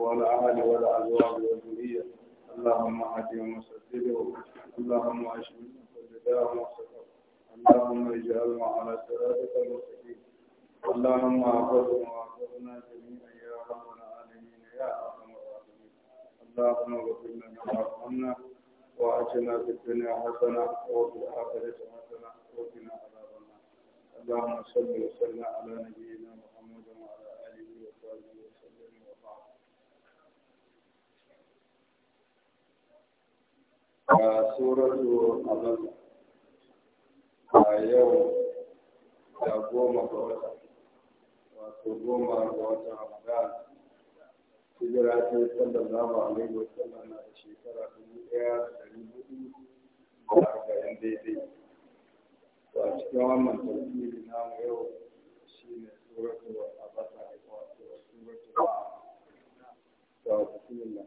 والأهل والأزواج والذرية اللهم أعطيهم وسددهم اللهم اشفهم وسددهم وسددهم اللهم اجعلهم على صراطك المستقيم اللهم اغفرهم واغفرنا جميعا يا رب العالمين يا ارحم الراحمين اللهم اغفر لنا وارحمنا واتنا في الدنيا حسنه وفي الاخره حسنه وقنا عذاب النار اللهم صل وسلم على نبينا محمد a suratu abin a yau da goma ga wata wato goma ga wata ramadan hijira ta sallallahu a wa sallam na da shekara dubu ɗaya da ɗari hudu da arba'in daidai to a cikin wannan tafsiri namu yau shi shine suratu abasa wato suratu ba to bismillah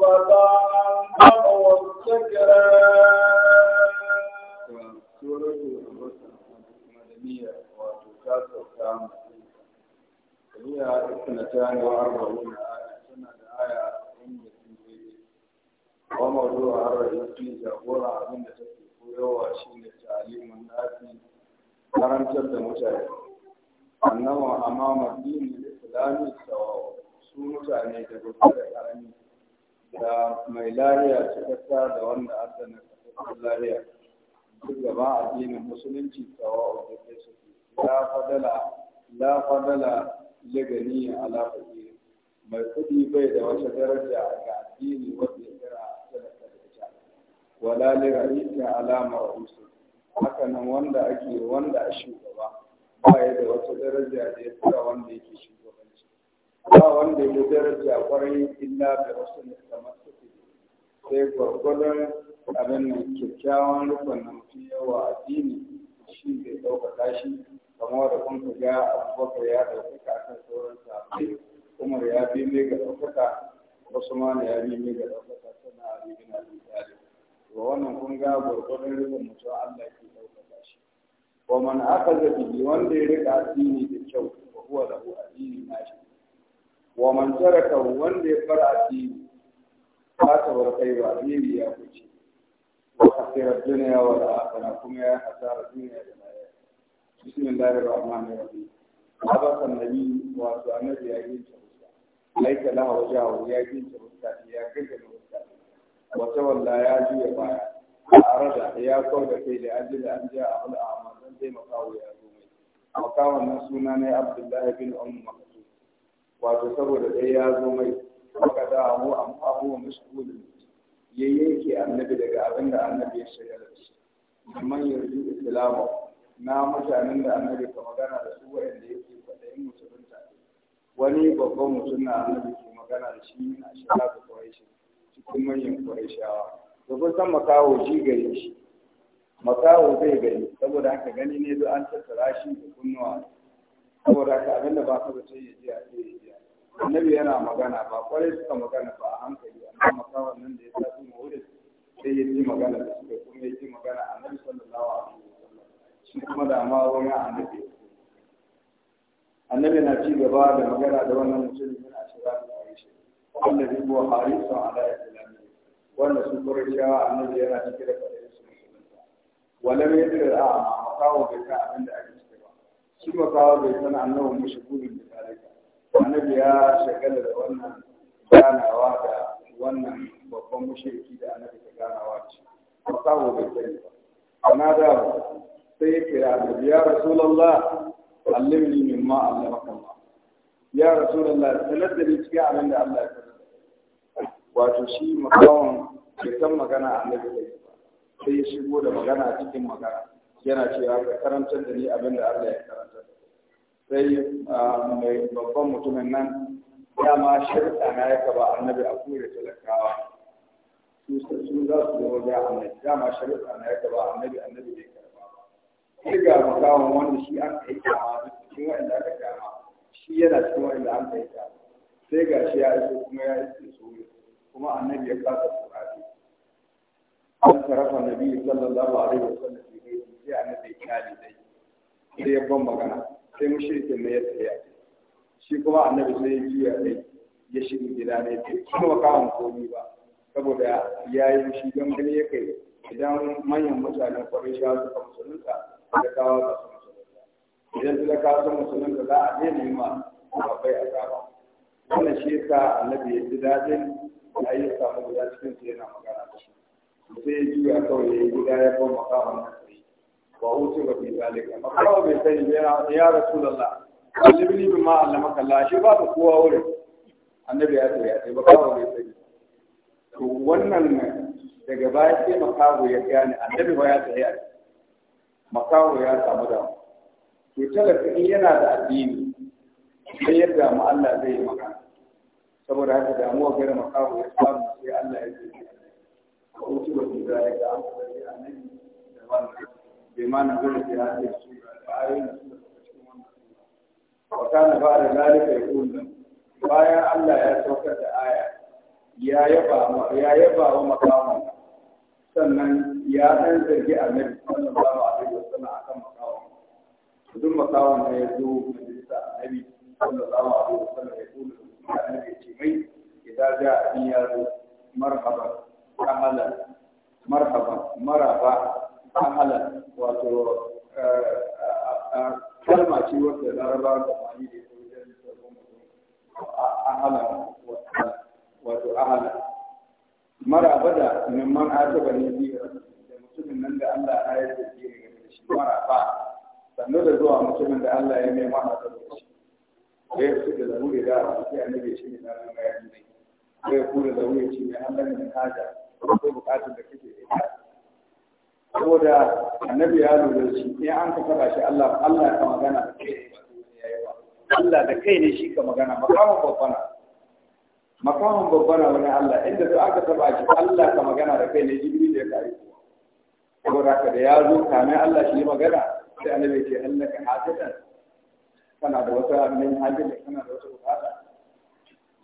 والظلام والسكران سورة المدنية وتكاس الكام هي اثنتان وأربعون آية سنة آية وموضوع koyowa shi ne karantar da mutane annawa amma madinin islami sawa su mutane da gobe da karami da mai lahiya cikakka da wanda aka na kasar lahiya duk gaba addinin musulunci tsawa a kai suke la fadala la fadala ligani ala fakiri mai kudi bai da wata daraja ga addini wanda ya kira sadaka da ita wala alama a ma'usu haka nan wanda ake wanda a shugaba ba ya da wata daraja da ya kira wanda yake shugaba ba wanda ya daraja a kwarai illa da wasu ne kamar suke sai gwargwadon abin nan kyakkyawan rukun na mutum yawa addini shi zai ɗaukaka shi kamar da kun ga abubakar ya ɗaukaka akan sauran sahabbai umar ya bi mai ga ɗaukaka usman ya bi mai ga ɗaukaka sannan ali bin abi talib to wannan kun ga gwargwadon rukun mutum Allah ke ɗaukaka shi wa man akaza bihi wanda ya rika addini da kyau ba huwa lahu addini nashi wa man taraka wanda ya fara addini ba ta warkai ba addini ya kuce wa khasira dunya wa akhirah kuma ya hasara duniya da na lahira bismillahir rahmanir rahim abasa nabi wato annabi ya yi ta laika laha wajahu ya yi ta fuska ya gaga da fuska wata walla ya juya baya a rada ya kau da kai da ajiyar an ja a wani amma don taimaka wa ya zo mai makawan na suna ne abdullahi bin umar wato saboda ɗaya ya zo mai baka da mu an fahu wa ya yanke annabi daga abin da annabi ya shiga da shi amma yanzu islamu na mutanen da annabi ka magana da su waɗanda yake in musulunta wani babban mutum na annabi ke magana da shi yana shiga da shi, cikin manyan kwaishawa da san makaho shi gare shi makawo zai gani saboda haka gani ne zo an tattara shi da kunnuwa saboda ka abinda ba ka zace ya ji a ce ya ji annabi yana magana ba kwarai suka magana ba a hankali amma makawan nan da ya tafi mawurin sai ya ji magana da suka kuma ya ji magana annabi sallallahu alaihi wasallam shi kuma da ma wurin annabi annabi na ci gaba da magana da wannan mutumin yana shiga da shi, wanda zai buwa harisun ala islami wanda su kurciyawa annabi yana cike da fadin su musulunta walam yadda a makawo bai kan abinda shi makawa bai annawa mashi mashigurin da zalika annabi ya shagala da wannan ganawa da wannan babban mushriki da annabi ta ganawa ce makawa bai sani ba na da sai ya kira annabi ya rasulallah allimni min allamaka Allah ya rasulullah sanar da ni cikin abin da Allah ya sanar wato shi makawan bai san magana annabi sai ya shigo da magana cikin magana yana cewa ka karantar da ni abin da Allah ya karanta sai mai babban mutumin nan dama shirka na ya ba annabi a kure talakawa su su za su zama ga annabi dama shirka na ya ba annabi annabi bai karba ba sai ga makawan wanda shi an kai kama cikin wanda aka kama shi yana cikin wanda an ka kai kama sai ga shi ya iso kuma ya iso su kuma annabi ya kasa tsarafi an sarafa nabi sallallahu alaihi wasallam sai annabi ya kyale dai sai ya ban magana sai mushrikin ne ya tsaya shi kuma annabi sai ya juya dai ya shiga gida ne bai kuma kawon komi ba saboda ya yi shi don gani ya kai idan manyan mutanen kwarai sha su suka musulunta da kawo ba su musulunta idan su da kawo su musulunta za a daina yi ma akwai azaba wannan shi yasa annabi ya ji daɗin da ayyuka mu guda cikin su yana magana da shi sai ya juya kawai ya yi gida ya koma kawon nan وأوتي في ذلك فقرأوا بالسيد يا رسول الله علمني بما علمك الله شي باب قوة ولد annabi ya tsaya sai makawo mai tsari to wannan daga baya sai makawo ya gane annabi ba ya tsaya makawo ya samu da to talaka in yana da addini sai yadda mu Allah zai yi maka saboda haka damuwa gare makawo ya samu sai Allah ya tsaya ko ci ba da ya ga annabi da wannan بما نقول في هذه السورة الآية وكان بعد ذلك يقول بايا ألا يترك الآية يا يبا يا يبا ومقام سنن يا أنزل جاء من صلى الله عليه وسلم على مقام ثم مقام من مجلس النبي صلى الله عليه وسلم يقول النبي جميع إذا جاء نيار مرحبا أهلا مرحبا مرحبا أهلا wato eh, kalma ce wadda laraba da mani da ya wajen sabon mutum ahala wato ahala mara bada min man asaba ne biyu da mutumin nan da Allah ya yi da biyar da shi mara ba sannu da zuwa mutumin da Allah ya nema a da shi da ya fi da zaure da a cikin annabi shi ne na ranar ya ne da ya fi da zaure shi ne Allah ne haja ko bukatun da kake da ita saboda annabi ya lura shi in an ka faɗa shi Allah Allah ka magana da kai ne ba Allah da kai ne shi ka magana makamin babban makamin babban wani Allah inda duk aka taba shi Allah ka magana da kai ne jibril da ya kai saboda haka da ya zo kamin Allah shi ne magana sai annabi ce Allah ka kana da wata min hajjata kana da wata bukata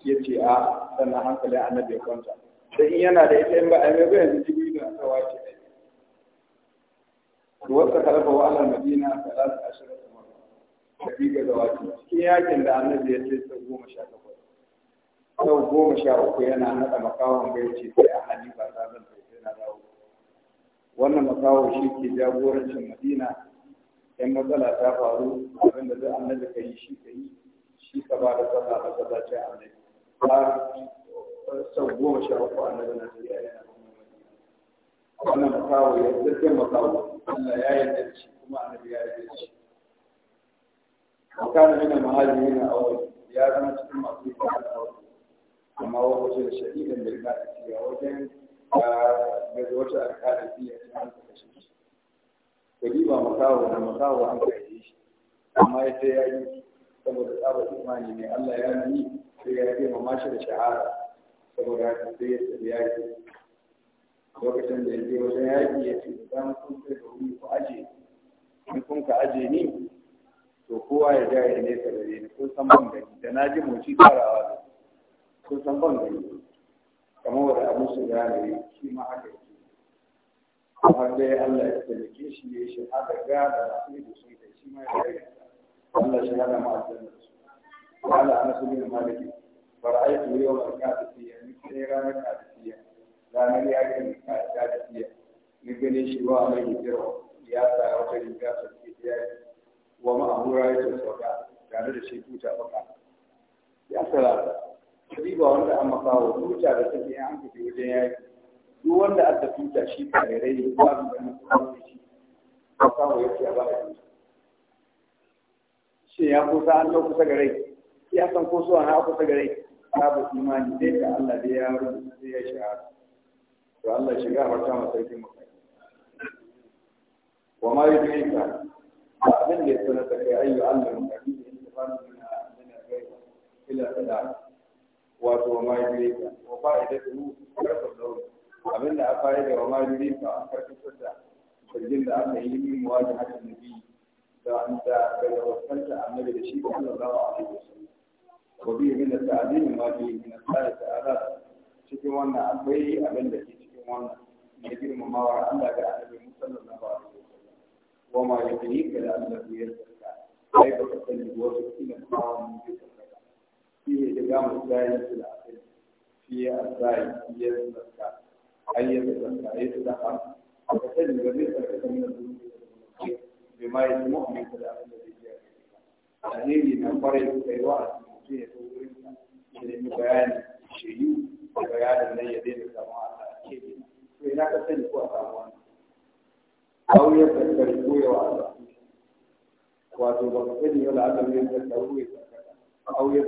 ya ce a ah, sannan hankali annabi ya kwanta sai in yana da ita in ba a yi ba yanzu jibril da ta wace wasa karfa wa ala madina salatu ashirin da mara tafi ga dawaki cikin yakin da annabi ya ce sau goma sha takwas sau goma sha uku yana haɗa makawan ce sai a hali ba ta zan sai na dawo wannan makawo shi ke jagorancin madina yan matsala ta faru abin da zai annabi ka yi shi ka yi shi ka ba da sallah masallacin annabi ba sau goma sha uku annabi na sai yana wannan makawo ya zargin makawo Allah ya yarda da shi kuma annabi ya yarda da shi makana mina mahajiri na awali ya zama cikin masu yi kan awali amma wata da shahidan da ina tafiya wajen ga wata alƙalin biya ta an kashe shi gari ba makawo na makawo an kashe shi amma ya ta yayi saboda tsabar imani ne Allah ya nuni sai ya yi mamashi da shahara saboda haka sai ya tafi ya yi lokacin da yake wajen yaƙi ya ce da kun kai da wuri ku aje in kun ka aje ni to kowa ya ja ya nesa da ni kun san ban gani da na ji moci karawa da kun san ban gani kamar wani abu su ya ne shi ma haka yake har dai Allah ya tsallake shi ya shi haka ga da su da sun da shi ma ya rage Allah shi hana ma aljanna su wala anasu bin maliki fara'aytu yawma al-qadisiyya ni sai ranar ranar yakin da ta tafiya ni gane shi ba mai hijira ya sa wata riga sarki ta yaki wa ma'ahura ya ce sauka tare da shi tuta baka ya sara shi ba wanda an makawo tuta da take an fita wajen yaki duk wanda aka tuta shi ba da rai ba da nan kuma shi ba kawo yake ba da tuta shi ya kusa an dauka kusa gare ya san ko so an kusa gare babu imani dai da Allah da ya rubuta sai ya shahara to Allah shi gafarta ma sarkin makarai wa ma yudrika abin da ya sanar da kai ayyu Allah makarai da istifani min min gaiba ila sada wato wa ma yudrika wa fa'idatu karfa dauri abin da aka yi da wa ma yudrika karfa sada sirrin da aka yi min muwajahatin nabi da an da daga wasanta annabi da shi sallallahu alaihi wasallam wa bi min at-ta'lim ma bi min at-ta'ala cikin wannan akwai abin da ke wannan ya girmama wa Allah ga annabi sallallahu alaihi wasallam wa ma yadrika la annabi yarda ai ba ka sani wasu kila kawo mun ji shi ne da gamu zai su da akai shi ya zai shi ya sarka ai ya sarka ai su da ha ka sani ba zai sarkata mun da zuwa bai ma mu'min ka da zai ji a kai alheri na kwarai kai wa a cikin ya zo wurin ka ya nemi bayani da bayanin nan ya daina samuwa to ina ka sani ko a samu wani kawo ya karkare a wato ba ka sani ya ya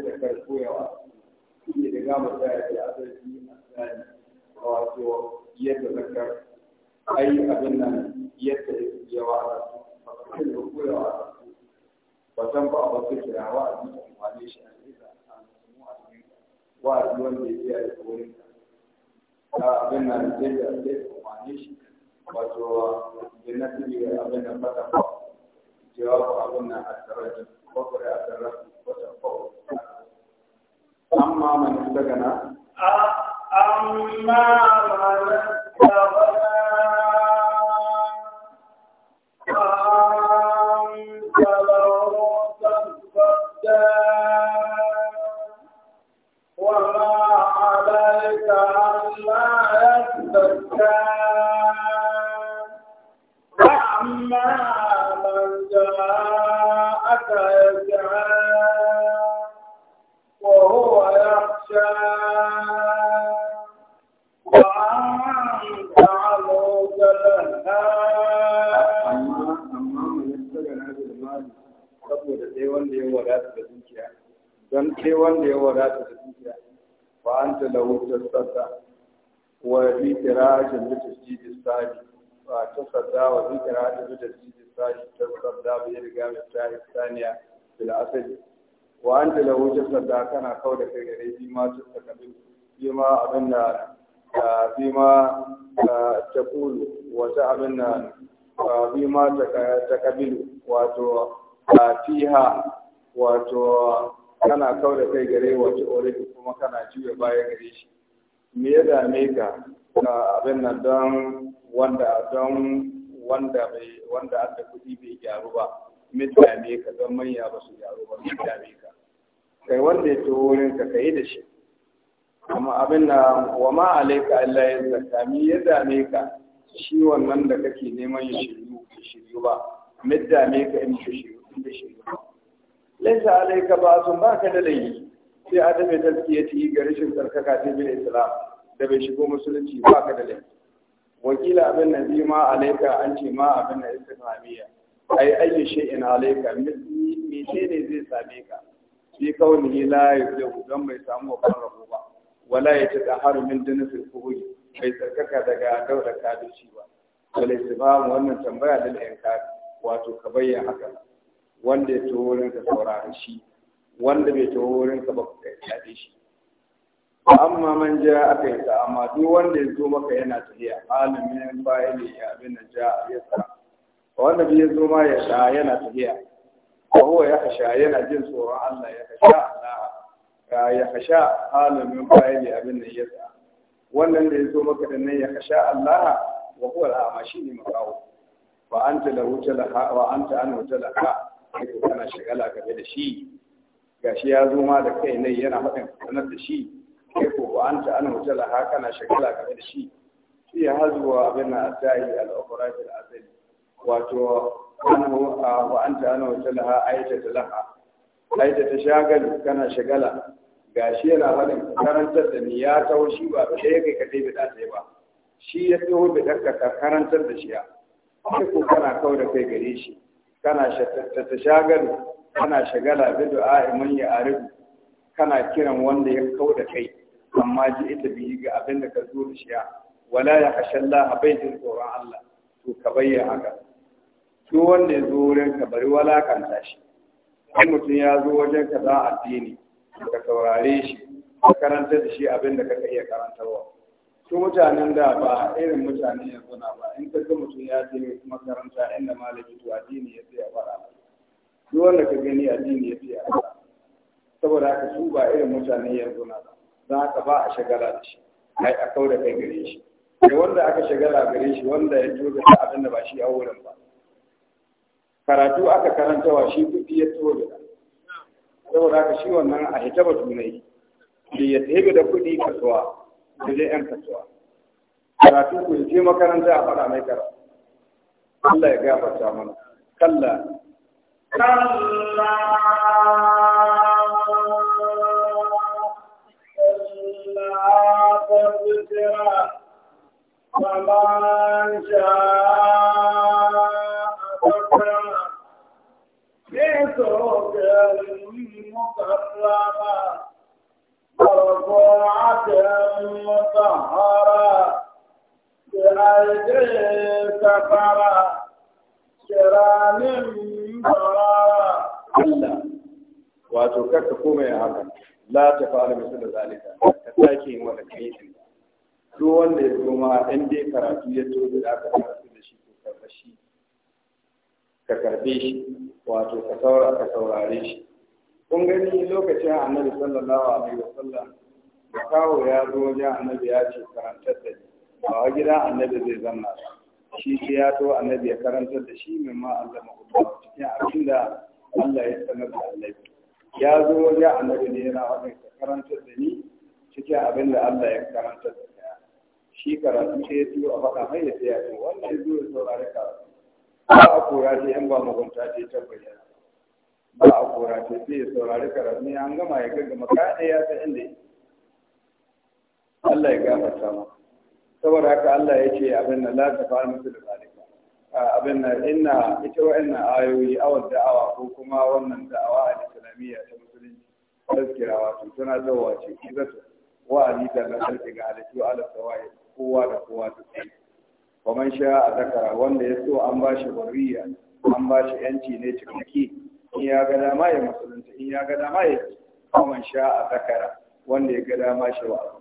shi ne da gama da a tsari wato yadda zakar ai abin nan yadda yawa a ba ka sani a ba san ba a jikin wane shi a jikin wanda ya yi a wurin abin nan sai da sai umarni shi wato jannatu ne abin nan fata ba jawabu abin nan asaraji bakwai asaraji wata bakwai amma man istagana amma man istagana wanda ya wadata da dukiya don sai wanda ya wadata da dukiya fa anta lahu tasadda wa bi qira'atin bi tasjidi sadi wa tasadda wa bi qira'atin bi tasjidi sadi tasadda bi riga bi ta'i saniya bil asli wa anta lahu tasadda kana kau da kai gare shi ma tasakabil shi ma abin da fi ma taqulu wa ta abin da fi ma takabilu wato a fiha wato kana kau da kai gare wato orifi kuma kana juya baya gare shi me ya dame ka abin nan don wanda don wanda bai wanda da kuɗi bai gyaru ba me dame ka don manya ba su gyaru ba me dame ka kai wanda ya to wurin ka kai da shi amma abin na, wa ma alaika Allah ya zaka me ya dame ka shi wannan da kake neman ya shiryu ba shiryu ba me dame ka in shi da shi laisa alaika ba sun ba ka da laifi sai adabe tazkiyati ga rashin tsarkaka ta bil islam da bai shigo musulunci ba ka da wakila abin zai ma alaika an ce ma abin na istifhamiyya ai ayyu shay'in alaika me ne zai same ka fi kaunihi la yuzhu dan bai samu babban rabo ba wala ya tadaharu min dunusil kuhuj bai tsarkaka daga da kafirci ba wal istifham wannan tambaya da inkar wato ka bayyana haka wanda ya taho wurin ka saurari shi wanda bai taho wurin ka ba ka yaɗe shi ba amma man ja aka yi ta amma duk wanda ya zo maka yana tafiya alimin baya ne ya abin da ja ya sa wanda bai zo ma ya sha yana tafiya ko ya kasha yana jin tsoron Allah ya kasha Allah ya kasha alimin baya ne abin da ya sa wannan da ya zo maka da nan ya kasha Allah wa huwa al-amashi ne makawo wa anta lahu talaha wa anta anhu talaha kake kana shagala game da shi gashi ya zo ma da kai nai yana faɗin sanar da shi kai ko ba an ta ana mutala ha kana shagala game da shi shi ya hazuwa abin na asahi al-ukhraj al-azali wato anhu wa anta ana mutala ha ayata talaha ayata tashagalu kana shagala gashi yana faɗin karantar da ni ya taho shi ba ba sai kai ka dai bida sai ba shi ya taho bidar ka karantar da shi ya kai ko kana kawai da kai gare shi kana ta shagali kana shagala bi du'a man ya arifu kana kiran wanda ya kau da kai amma ji ita bihi ga abin da ka zo da shi wala ya khashalla bai jin tsoron Allah to ka bayyana haka To wanda ya zo wurin ka bari walakanta shi kai mutum ya zo wajen ka za addini ka saurare shi ka karanta da shi abin da ka iya karantarwa su mutanen da ba irin mutane yanzu na ba in ka ga mutum ya je makaranta inda malami to addini ya tsaya fara Su wanda ka gani addini ya tsaya ba saboda haka su ba irin mutane yanzu na ba za ka ba a shagala da shi ai a kawo da kai gare shi da wanda aka shagala gare shi wanda ya toga da abin da ba shi a wurin ba karatu aka karantawa shi kuɗi ya da saboda haka shi wannan a hita ba tunai da ya tebe da kuɗi kasuwa da dai yan kasuwa karatu ku je makaranta a fara mai kara Allah ya gafarta mana kalla kalla فمن شاء ذكره في سوق مكرمه ورفعة مطهرة بأيدي سفرة كرام بررة الله wato karka koma ya haka la ta fa'ala da zalika ka sake yin wannan kayin duk wanda ya koma in dai karatu ya to da aka karatu da shi ko karba ka karbe shi wato ka saura ka saurare shi kun gani lokacin annabi sallallahu alaihi wasallam kawo ya zo wajen annabi ya ce karantar da ni ba wa gidan annabi zai zanna shi ce ya to annabi ya karantar da shi min ma Allah mahudu cikin abin da Allah ya sanar da annabi ya zo wajen annabi ne yana wajen ka karantar da ni cikin abin da Allah ya karantar da ya shi karatu ce ya tuyo a faɗa mai ya tsaya to wannan ya zo ya saurari karatu ba a kora ce yan ba mugunta ce ta bayyana ba a kora ce sai ya saurari karatu ya an gama ya gaggama kaɗai ya ta inda Allah ya gafarta ma saboda haka Allah ya ce abin nan la ta fara musu da zalika abin nan inna ita wa'annan ayoyi awar da'awa ko kuma wannan da'awa a islamiyya ta musulunci tazkira wato suna zawa ce kizatu wa'azi da na sarki ga halittu ala sawaye kowa da kowa ta tsaye wa sha a zakara wanda ya so an bashi barriya an bashi yanci ne cikakke in ya ga dama ya musulunta in ya ga dama ya kuma sha a zakara wanda ya ga dama shi wa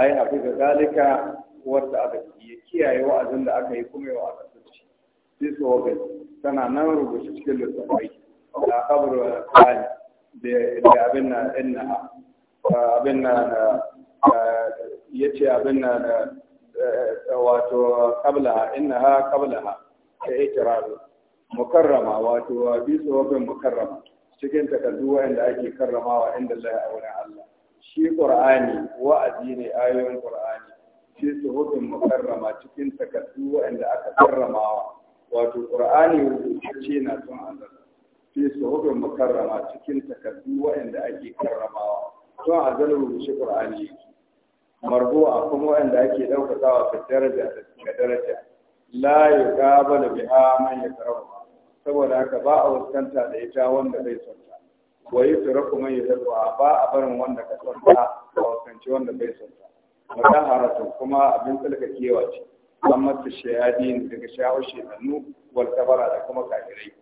ai hafi da zalika wanda aka ya kiyaye wa'azin da aka yi kuma ya a shi sai so ga tana nan rubuce cikin littafai da kabar al da abin na inna abin na yace abin na da wato kabla, innaha yi da ikraru mukarrama wato wa bi sawabin mukarrama cikin takardu wanda ake karramawa inda Allah a wurin Allah shi qur'ani wa'azi ne ayoyin qur'ani shi sawabin mukarrama cikin takardu wanda aka karramawa wato qur'ani rubutacce na son Allah su sawabin mukarrama cikin takardu wanda ake karramawa son azal rubuce qur'ani marbu'a kuma wanda ake daukakawa ga daraja da daraja la yuqabalu biha man yakrahu saboda haka ba a waskanta da ita wanda zai son ta wa yi tsoro kuma yi zarwa ba a barin wanda ka son a waskanci wanda zai son ta mata haratu, kuma abin kewa ce an masu shayadi daga shawar shekannu wal tabara da kuma kafirai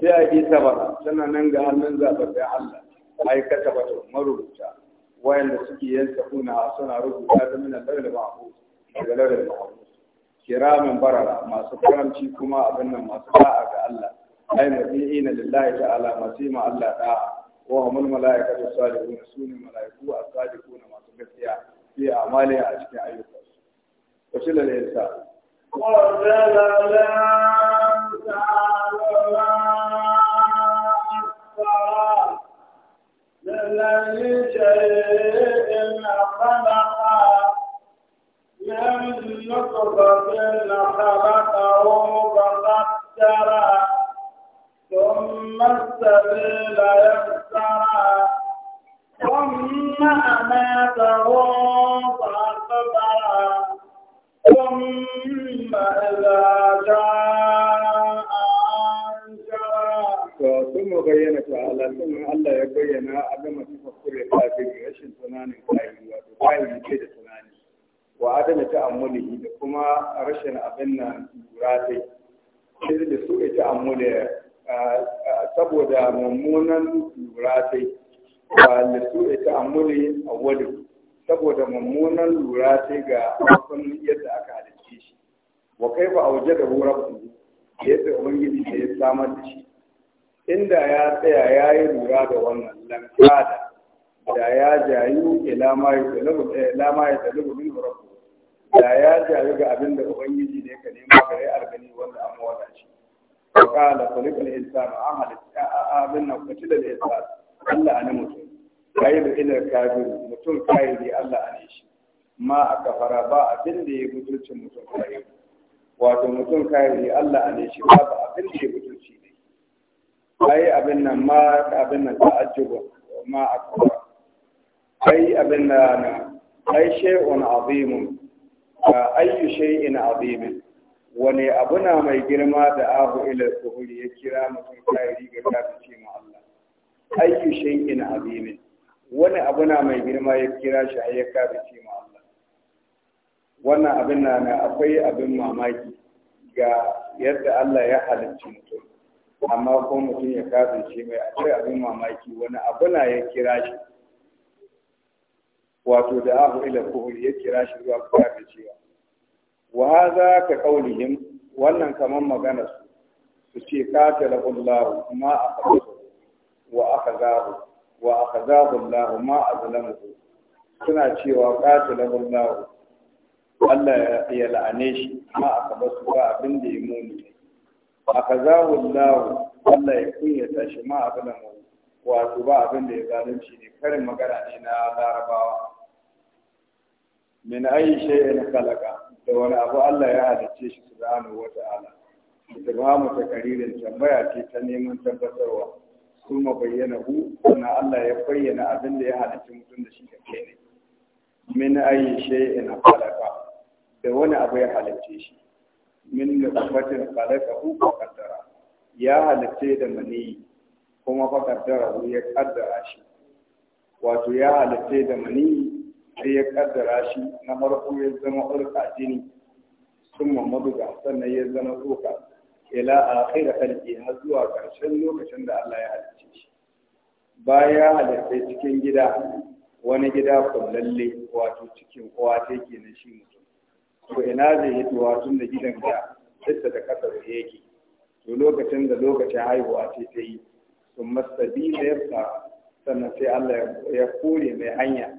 sai a yi tabara tana nan ga hannun da allah aikata bata marubuta wayanda suke yin suna rubuta ta minan lauyin daga kiramin barara masu karamci kuma abin nan masu da'a ga Allah ai na lillahi ta'ala masu ma Allah da'a wa da malaikatu na sunan malaiku as na masu gaskiya fi amali a cikin ayyukan su ko shi lalle yasa wa zalala ta'ala لن يجري إلا خلقا من نطفة خلقه فقدره ثم السبيل يسره ثم أماته فأقبره ثم إذا جاء ثم بين تعالى ثم الله يبين أدم تفكر الكافر rashin tunanin kayi wato kayi ce da tunani wa adana ta'ammuli da kuma rashin abin nan lura dai sai da su ita ta'ammuli saboda mummunan lura dai wa da su ita ta'ammuli a wani saboda mummunan lura dai ga abin yadda aka halicce shi wa a waje da rabbu yadda ubangiji da ya samar da shi inda ya tsaya ya yi lura da wannan lankada da ya jayu ila ma ya talubu min rabbu da ya jaru ga abin da ubangiji ne ka nema yi argani wanda an wadace qala khuliqal insanu amalat abin nan kuci da insan Allah ne mutum kai da ilal kafir mutum kai ne Allah ne shi ma aka fara ba abin da ya mutunci mutum kai wato mutum kai ne Allah ne shi ba abin da ya mutunci ne ai abin nan ma abin nan ta ta'ajjubu ma aka kafara. ai abin nan kai shay'un azimun ayyu shay'in azim wani abu na mai girma da abu ila suhuri ya kira mutum kairi ga kafirce ma Allah ayyu shay'in azim wani abu na mai girma ya kira shi ya kafirce ma Allah wannan abin na na akwai abin mamaki ga yadda Allah ya halicci mutum amma ko mutum ya shi mai akwai abin mamaki wani abu na ya kira shi wato da ahu ila kuhul ya kira shi zuwa cewa, wa hadha ka qaulihim wannan kaman magana su su ce qatala Allah ma akhadahu wa akhadahu wa akhadahu Allah ma azlamahu suna cewa qatala Allah Allah ya la'ane shi ma basu, ba abin da ya muni A akhadahu Allah Allah ya kunyata shi ma azlamahu wato ba abin da ya zalunci ne karin magana ne na larabawa min ayi shay'in khalaqa da wani abu Allah ya halicce shi subhanahu wata'ala istifhamu takaririn tambaya ce ta neman tabbatarwa kuma bayyana hu sannan Allah ya bayyana abin da ya halicce mutum da shi da kai ne min ayi shay'in khalaqa da wani abu ya halicce shi min nutfatin khalaqahu fa qaddara ya halicce da maniyi kuma fa qaddara ya kaddara shi wato ya halicce da maniyi sai ya kaddara shi na farko ya zama ulka jini sun ga sannan ya zama tsoka ila a kai da kalki har zuwa ƙarshen lokacin da Allah ya halicce shi baya halittai cikin gida wani gida kullalle wato cikin kowa ta yake na shi mutum to ina zai yi tun da gidan da yadda da kasar da yake to lokacin da lokacin haihuwa ce ta yi sun da yasa sannan sai Allah ya kore mai hanya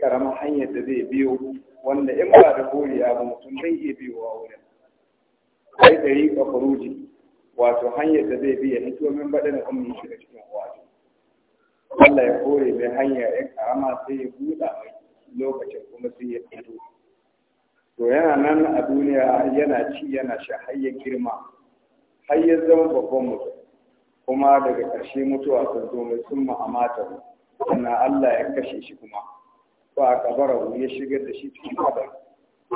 karama hanyar da zai biyo wanda in ba da koriya ba mutum zai iya biyo a wurin kai da riƙa furuji wato hanyar da zai biya hito min na ummi shi da cikin wato Allah ya kore mai hanya ya karama sai ya buɗa mai lokacin kuma sai ya fito to yana nan a duniya yana ci yana sha har ya girma har ya zama babban mutum kuma daga ƙarshe mutuwa sun zo mai sun ma'amata sannan Allah ya kashe shi kuma fa kabarahu ya shigar da shi cikin kabari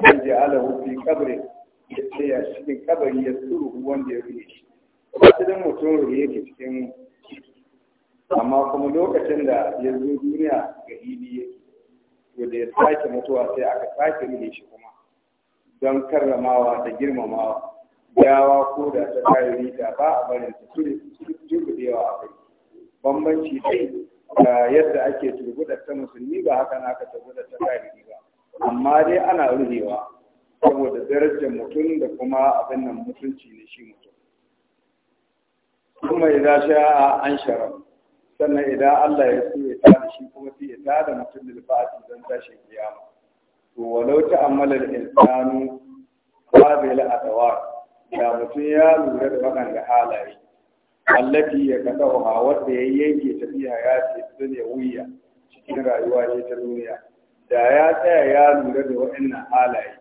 an ala hufi kabari ya tsaya cikin kabari ya tsuru wanda ya rufe shi wasu dan mutum ya yake cikin amma kuma lokacin da ya zo duniya ga hili ya to da ya sake mutuwa sai aka sake rufe shi kuma don karramawa da girmamawa yawa ko da ta kayi rita ba a barin ta turbe da yawa a kai bambanci dai da yadda ake da ta musulmi ba haka na ka da ta tarihi ba amma dai ana ruhewa saboda darajar mutum da kuma abin nan mutunci ne shi mutum kuma idan sha an shara sannan idan Allah ya so ya tada shi kuma sai ya tada mutum da fa'ati don tashi kiyama to walau ta amalar al-insanu qabil adawar da mutum ya lura da magana halaye allati ya kadawa wanda ya yanke tafiya ya ce su ne wuya cikin rayuwa ne ta duniya da ya tsaya ya lura da waɗannan halaye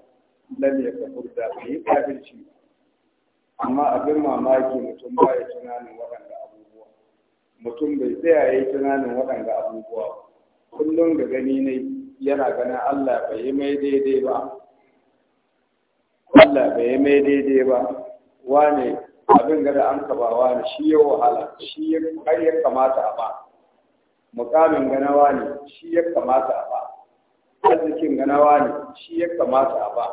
lalle ya kafur da bai yi kafirci amma abin mamaki mutum ba ya tunanin waɗanda abubuwa mutum bai tsaya ya yi tunanin waɗanda abubuwa kullum da gani ne yana ganin Allah bai yi mai daidai ba Allah bai yi mai daidai ba wane abin ga da an kabawa ne shi ya wahala shi ya kai ya kamata a ba mukamin ganawa ne shi ya kamata a ba arzikin ganawa ne shi ya kamata a ba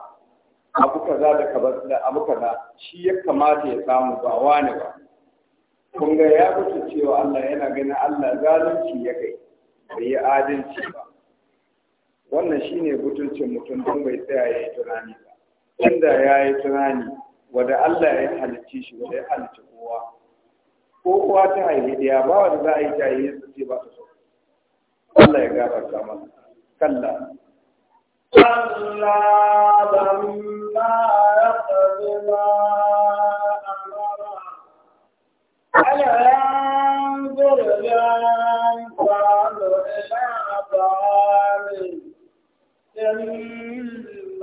abu kaza da kabar da abu kaza shi ya kamata ya samu ba wani ba kun ga ya mutu cewa Allah yana ganin Allah zalunci ya kai bai yi adalci ba wannan shine butuncin mutum don bai tsaya ya yi tunani ba inda ya yi tunani wanda Allah ya halicce shi wanda ya halicce kowa ko kowa ta haihi ɗaya ba wanda za a yi ta haihi su ce ba su so Allah ya gafarta masa kalla kalla lamma ya qadi ma amara ala yanzur lan qalu ila ta'ali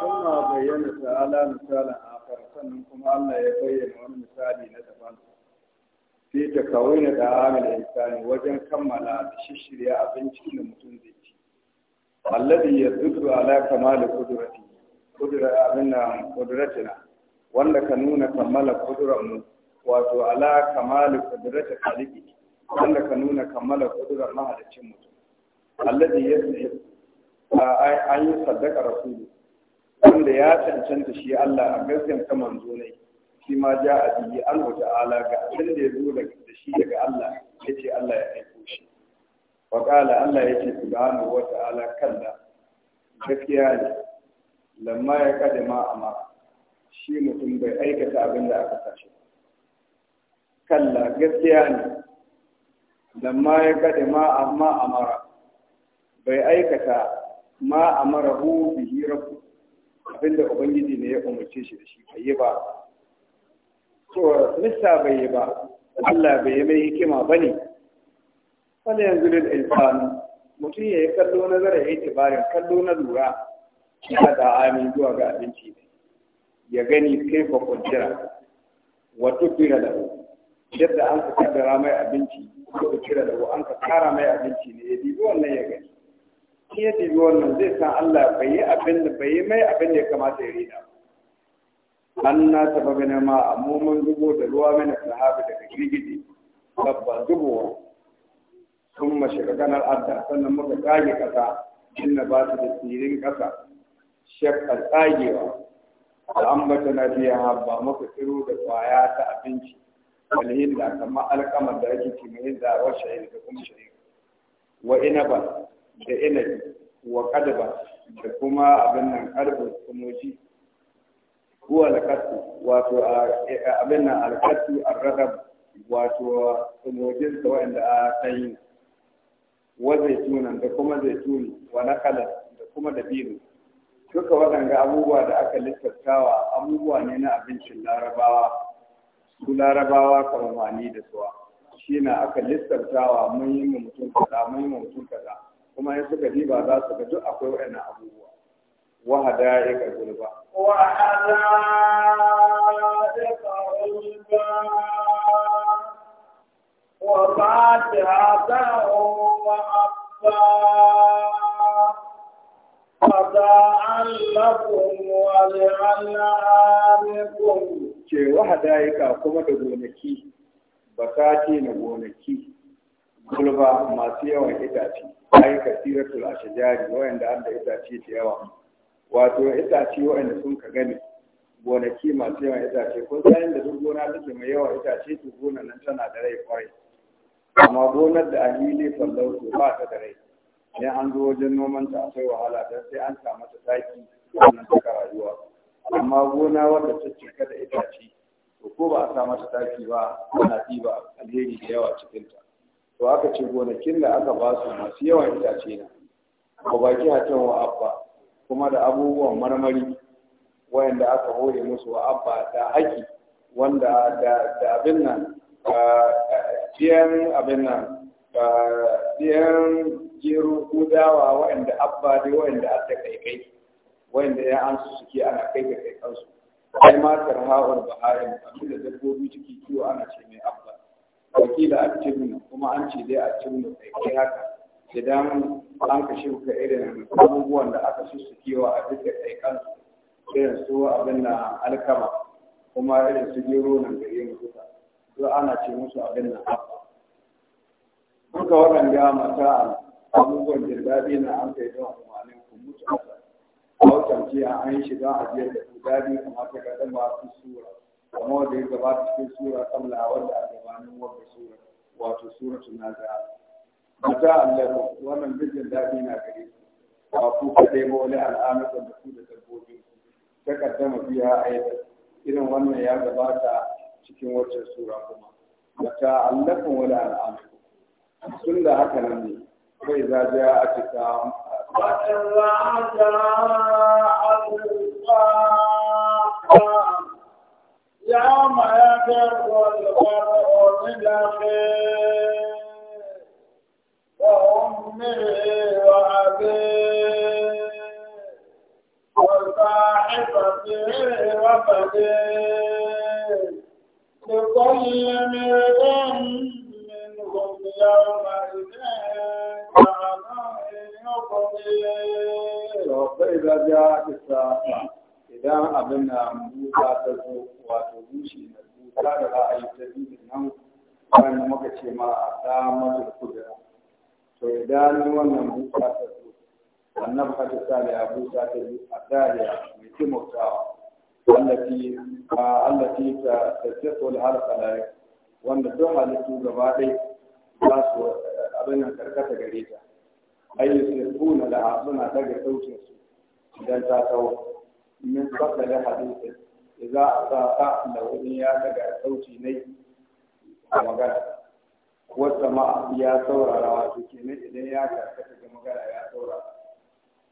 suna bayyana ta'ala misalin akwai sannan kuma Allah ya bayyana wani misali na daban fi ta kawai da amina misali wajen kammala da shishirya a binciki da mutum zai ci alladi ya zuzu ala kama da kudurati kudura amina kudurati wanda ka nuna kammala kudura mu wato ala kama da kudurati wanda ka nuna kammala kudura mahalicin mutum alladi ya zuzu an yi sadaka rasulu wanda ya cancanta shi Allah a gaskanta manzo ne shi ma ja a biyi an wata ga abin da ya zo da shi daga Allah ya ce Allah ya aiko shi wa Allah ya ce subhanahu wa ta'ala kalla gaskiya ne lamma ya kada ma amma shi mutum bai aikata abin da aka sashi kalla gaskiya ne lamma ya kada ma amma amara bai aikata ma amarahu bi rabbu abinda ubangiji ne ya umarce shi da shi bai yi ba to lissa bai yi ba Allah bai yi mai hikima bane wala yanzu da insani mutum ya yi kallo na zara ya yi tibarin kallo na lura ya da amin zuwa ga abinci ya gani kai ba kwancira wato kira da yadda an ka kaddara mai abinci ko kira da an ka kara mai abinci ne ya bi wannan ya gani in ya ɗibi wannan zai san Allah bai yi abin da bai mai abin da ya kamata ya rina an na taɓa gane ma a mumun zubo da ruwa na sahabi daga girgiji babba zubowa sun ganar adda sannan muka tsage ƙasa inna ba su da tsirin kasa shakkar tsagewa al'ambata na biya habba muka tsiro da kwaya ta abinci da kama alkamar da ake kimanin da wa da kuma shirin wa inaba da inabi wa kadaba da kuma abin nan karbin kumoji huwa lakatu wato abin nan alkatu arragab wato kumojin sa wanda a sanyi wa tuna, da kuma zai tuni wa nakala da kuma biyu duka waɗanda abubuwa da aka lissattawa abubuwa ne na abincin larabawa su larabawa kamar da suwa shi na aka lissattawa mun yi mutum kaza mun yi mutum kaza kuma in suka diba za su ga duk akwai waɗannan abubuwa wa hada'ika gulba wa hada'ika gulba wa fatihatan wa abba فدعا لكم ولأنعامكم ce wa hada'ika kuma da gonaki bakati na gonaki gulba masu yawan itace ai kasiratul ashjari wayanda an da itace da yawa wato itace wayanda sun ka gani gonaki masu yawan itace kun san inda duk gona take mai yawan itace to gona nan tana da rai kwarai amma gonar da ahili fallau to ba ta da rai ne an zo wajen noman ta akwai wahala dan sai an samu ta taki wannan ta rayuwa amma gona wadda ta cika da itace to ko ba a samu ta taki ba ana ɗiba alheri da yawa cikin ta to aka ce gonakin da aka ba su masu yawan itace na ba baki hatan wa abba kuma da abubuwan marmari wayanda aka hore musu wa abba da haki wanda da abin nan ɗiyan abin nan ɗiyan gero gudawa dawa wayanda abba dai wayanda aka kaikai wayanda ya ansu suke ana kai kai kansu ai ma tarha'ul baharin abin da dabbobi ciki kiwo ana ce mai abba wakila a cikin kuma an ce dai a cikin sai kai haka idan an kashe ka irin abubuwan da aka wa a duka sai kan irin su abin na alkama kuma irin su gero nan gare mu duka to ana ce musu abin na haka duka waɗanda mata abubuwan da daɗi na an kai don umarnin ku mutu a watan a an yi shiga ajiyar da ku daɗi kamar ta kaɗan ba su sura kamar da ya gabata cikin sura kamar a wanda aka ma'anin wata sura wato sura suratul nazi'at mata Allah wannan bijin daɗi na gare ku ba ku kaɗai ba wani al'amuran da ku da dabbobi ta kaddama biya ayyuka irin wannan ya gabata cikin wata sura kuma mata Allah wani al'amuran tun da haka nan ne kai za ja a cika wa'ata dama ya gẹ́gọ́ ìwọ̀n ọ̀rin lábẹ́ ọ̀hún mẹ́rẹ̀ wàábẹ́ ọ̀sá ẹ̀fàfẹ́ wàbàbẹ́ ẹ̀kọ́ yìí mẹ́rẹ̀ lọ́n nínú òmìnira ọmọ ìdẹ́ ọ̀rọ̀ náà ní ọkọ̀ ilẹ̀ ọ̀fẹ́ ìdájá ìsáàpá idan abin na buta ta zo wato bushe na buta da za a yi ta biyu nan wani maka ce ma a samar da kudura to idan wannan buta ta zo annabi hajji sale ya buta ta zo a dariya mai taimakawa wallafi allafi ta tattaɓa harfa da wanda don halittu gaba ɗai za su abin nan karkata gare ta ayyukan kuna da suna daga saukinsu idan ta kawo min fadda da hadisin idza asata da wani ya daga sauti ne a magana wata ma ya saurara wato kenan idan ya karkata ga magana ya saurara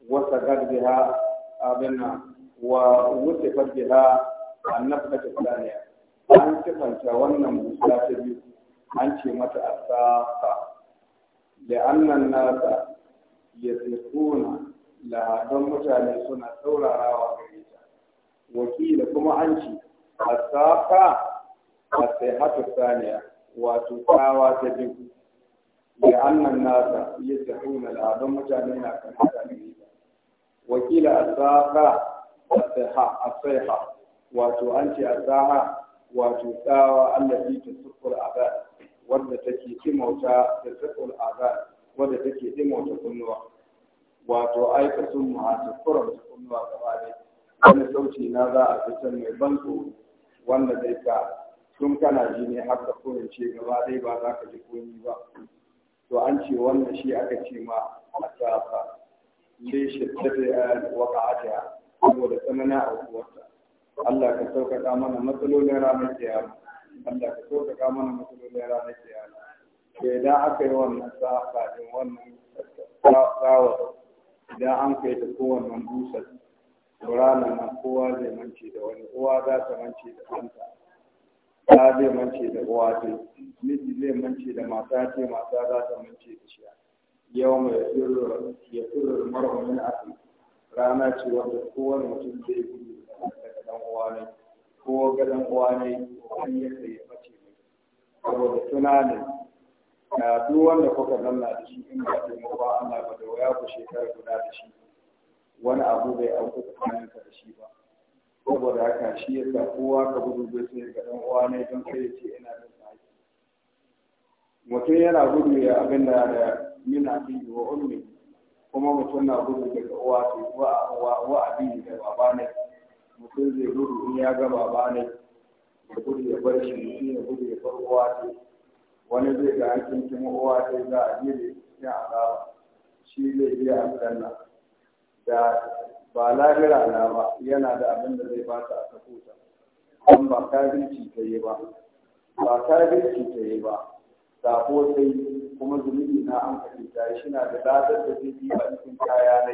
wata gadbiha abin nan wa wuce fadbiha annabta ta tsaniya an kifanta wannan busa ta biyu an ce mata a sa asafa da annan nasa ya tsirkuna la don mutane suna saurarawa wakila kuma an ci asaka asihatu saniya wato tsawa ta biyu da annan nasa ya sahuna la don mutane na kan a ne wakila asaka asiha asiha wato an ce asaha wato tsawa allafi ta wadda take kimauta da wadda kunnuwa wato aika sun mu'ata kuran kunnuwa gaba ɗaya wani sauci na za a fitar mai banko wanda zai ka tun kana ji ne har ka ce gaba dai ba za ka ji komi ba to an ce wannan shi aka ce ma a tafa ne shi ta tafi a waka ajiya saboda tsanana a Allah ka sauƙaƙa mana matsalolin ranar kiyama Allah ka sauƙaƙa mana matsalolin ranar kiyama to idan aka yi wannan sa'a din wannan tsawa idan an kai ta kowannan busar ranar nan kowa zai mance da wani uwa za ta mance da ɗanta ta zai mance da uwa ce miji zai mance da mata ce mata za ta mance da shi yau mai ya firar marhumin asu rana ce wanda kowane mutum zai gudu daga ɗan uwa ne ko ga ɗan uwa ne an yi sai ya mace ne saboda tunanin na duk wanda kuka zanna da shi in ba taimako ba Allah ba da waya ku shekara guda da shi wani abu bai auku tsakanin ka da shi ba saboda haka shi yasa kowa ka gudu bai sai ga dan uwa ne don kai ya ce ina da saki mutum yana gudu ya abin da da mina bihi wa ummi kuma mutum na gudu daga uwa ce wa wa wa abin da baba ne mutum zai gudu in ya ga baba ne ya gudu ya bar shi mutum ya gudu ya bar uwa ce wani zai ga hakin kuma uwa ce za a je da ya azaba shi zai iya aljanna da ba lahira na ba yana da abin da zai ba ta a kafuta an ba kafirci ta yi ba ba kafirci ta yi ba sako sai kuma zunubi na an kafi ta shi na da ladar da zai yi a cikin kaya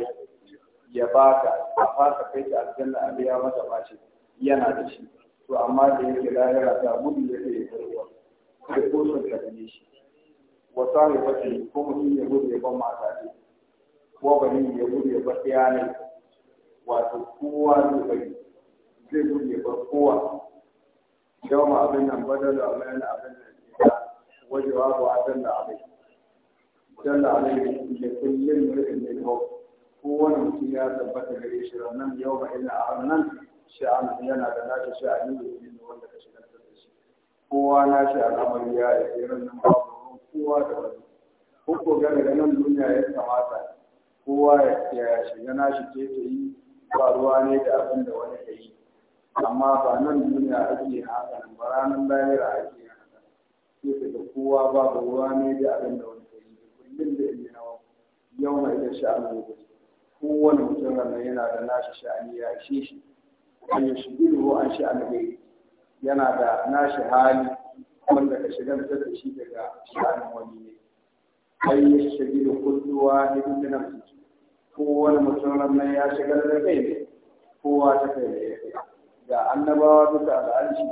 ya baka a fasa kai ta aljanna a biya mata bashi yana da shi to amma da yake lahira ta gudu ya ke karuwa sai ko sun tafi shi wasu ya fata ko mutum ya gudu ya ban mata ne ko bari ya gudu ya bar iyalai wato kowa zai bari zai gudu ya bar kowa yau ma abin nan badalu a mayan abin nan ita waje wa ba dan da abin dan da abin da kullum mutum ne ko kowane mutum ya tabbata gare shi nan yau ma ina a nan sha'ani yana da nashi sha'ani da yin wanda ka shigar da shi kowa nashi al'amari ya yi irin nan babu kowa da wani ko ko gane da nan duniya ya kamata kowa ya shiga nashi ke ta yi faruwa ruwa ne da abin da wani ka yi amma ba nan duniya ake haka ba ranar lahira ake haka sai daga kowa ba ruwa ne da abin da wani ka yi kullum da ilmi hawa yau mai da sha'an da kowane mutum ranar yana da nashi sha'ani ya ishe shi an yi biyu an shi bai yana da nashi hali wanda ka shiga da shi daga sha'anin wani ne ai ya shigiru kulluwa ne duk nan kowane mutum ranar ya shigar da kai kowa ta kai da ya kai ga annabawa duka al'anci,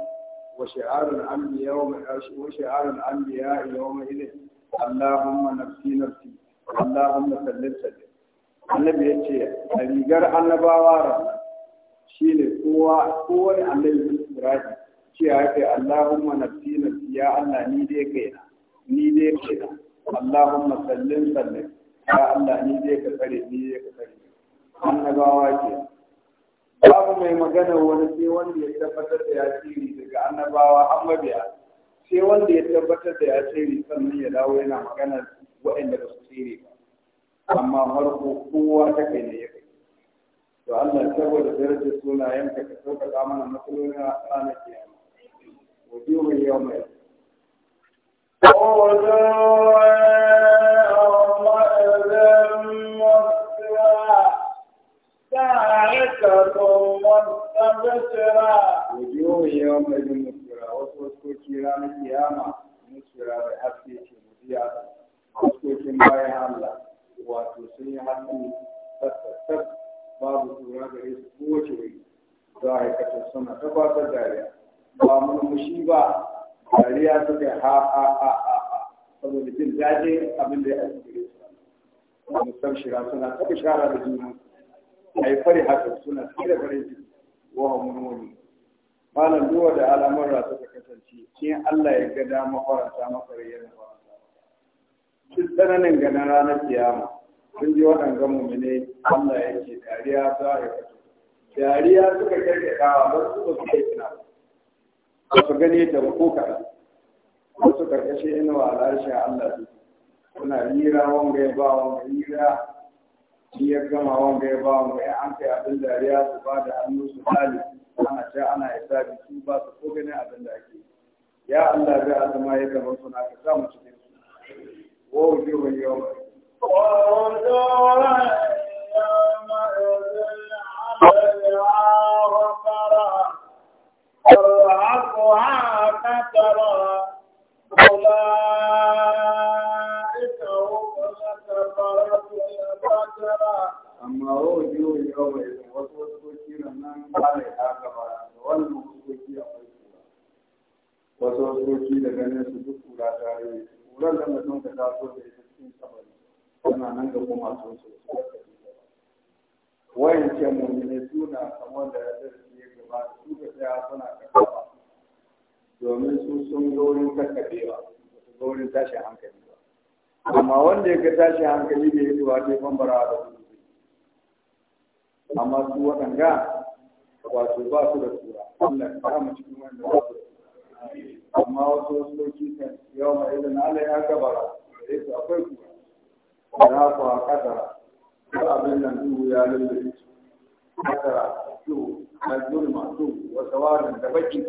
wa shi'arun anbiya wa wa shi'arun anbiya mai idin Allahumma nafsi nafsi Allahumma sallim sallim annabi ya ce a rigar annabawa ranar shine kowa kowane annabi Shi ya yake Allahumma nafsi nafsi ya Allah ni dai na, ni dai na. Allahumma sallim sallim ya Allah ni zai ka tsare ni zai ka tsare annabawa ke babu mai magana wani sai wanda ya tabbatar da ya yasiri daga annabawa an mabiya sai wanda ya tabbatar da ya yasiri sannan ya dawo yana magana waɗanda ba su tsere ba amma farko kowa ta kai ne ya kai to Allah saboda darajar sunayenka ka sauƙaƙa mana matsalolin ranar kiyama wajen yau mai Oh, وتقوم وتبشرا وجوه يومئذ مسكرة وتوسكوكي رانا قيامة مسكرة بحسكي مزيعة وتوسكوكي مبايع الله وتوسكي حسكي تتتب باب سورة بريس قوتي ضاحكة السنة تبات الدارية ومن مشيبة دارية تبقى ها ها ها ها saboda jin daɗin abin da ya aiki gare su. Mustar shira suna ta bishara da junansu. ay fari haka suna cire farin ciki wa hamurmuni malam duwa da da suka kasance in Allah ya ga dama faranta maka rai ba shi tsananin ganin ranar kiyama sun ji mu mumine Allah ya ce dariya ta a dariya suka kirkirawa ba su ba su kai kina ba su gane ta ba ko kaɗan wasu karkashin inuwa al'arshen Allah su suna hira wanga ya ba wanga hira shi ya gama wanga ya ba mu ya an kai abin dariya su ba da hannu su dali ana ce ana isa su ba su ko ganin abin da ake ya Allah ga azuma ya gaban su na ka sa mu cikin su wa wujuhun yawma ترهقها كترى أولئك amma wa biyu ne yau mai wasu wasu koki nan nan ba da ya gaba da wannan wasu koki akwai kura wasu wasu koki da ganin su duk kura ta yi kuran da mutum ka taso da ita cikin sabari tana nan ga kuma sun su wayan ce mummune suna kamar da ya zarfi ya gaba su ka tsaya suna karɓa domin su sun gaurin karkaɗewa su gaurin tashin hankali amma wanda ya tashi hankali da ya zuwa ke bambara da su amma su waɗanga wato ba su da tura Allah ya kama cikin wanda ba su amma wasu wasu soki kan yau mai idan Allah ya gabara da yake akwai kuma Na haka a ƙasa ko abin nan duhu ya lullube su ƙasa su na zulma su wata warin da baki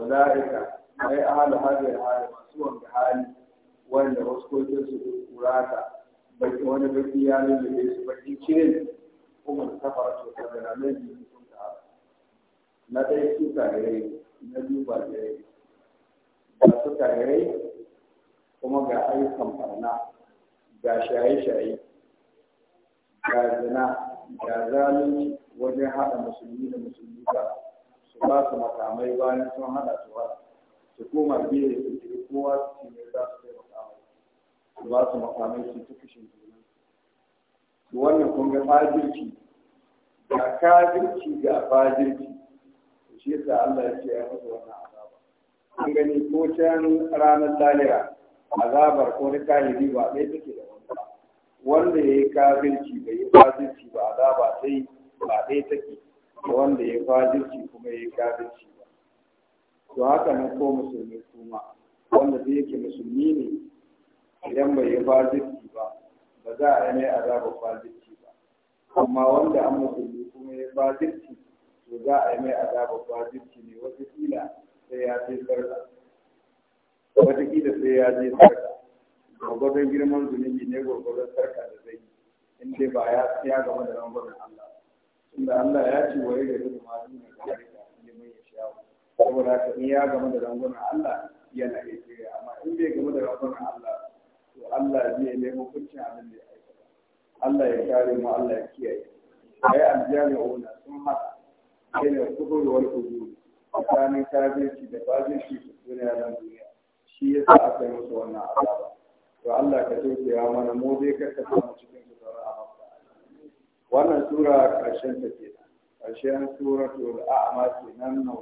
ulaika ai ahalu hadhihi alhali masu wanda hali wanda wasu kotun su kurata baki wani baki ya lullube su baki cire kuma da safara su ta gara nan jini sun ta na ɗaya su kagare na biyu ba gare ba su kagare kuma ga ayyukan barna ga shaye-shaye ga zina ga zalunci wajen haɗa musulmi da musulmi ba su ba su makamai bayan sun haɗa su ba su koma da su kowa su ne za su su ba su makamai su ta kashin junan su wannan kun ga fajirci ga kafirci ga fajirci shi yasa Allah ya ce ya musu wannan azaba an gani ko can ranar lahira azabar ko na kahiri ba ɗaya take da wani ba wanda ya yi kafirci bai yi fajirci ba azaba sai ba ɗaya take da wanda ya yi fajirci kuma ya yi kafirci ba to haka nan ko musulmi kuma wanda zai yake musulmi ne idan bai yi faziki ba ba za a yi azabar faziki ba amma wanda an musulmi kuma ya faziki to za a yi mai azabar faziki ne watakila sai ya ce sarka watakila sai ya je sarka gwagwadon girman zunubi ne gwagwadon sarka da zai yi in dai ba ya tsaya game da rangwamen Allah tunda Allah ya ce wa yadda da masu ne ga harika ne mai shawo saboda haka in ya game da rangwamen Allah yana iya tsaya amma in bai game da rangwamen Allah to Allah zai nemi hukuncin abin da ya aikata Allah ya kare mu Allah ya kiyaye ai aljami'una sun haɗa Kai da kufur wal hujur tsakanin kafirci da fajirci da duniya da duniya shi yasa aka yi musu wannan azaba to Allah ka tausaya mana mu zai ka tafi mu cikin su a amsa wannan tura karshen ta kenan karshen suratul a'ma kenan na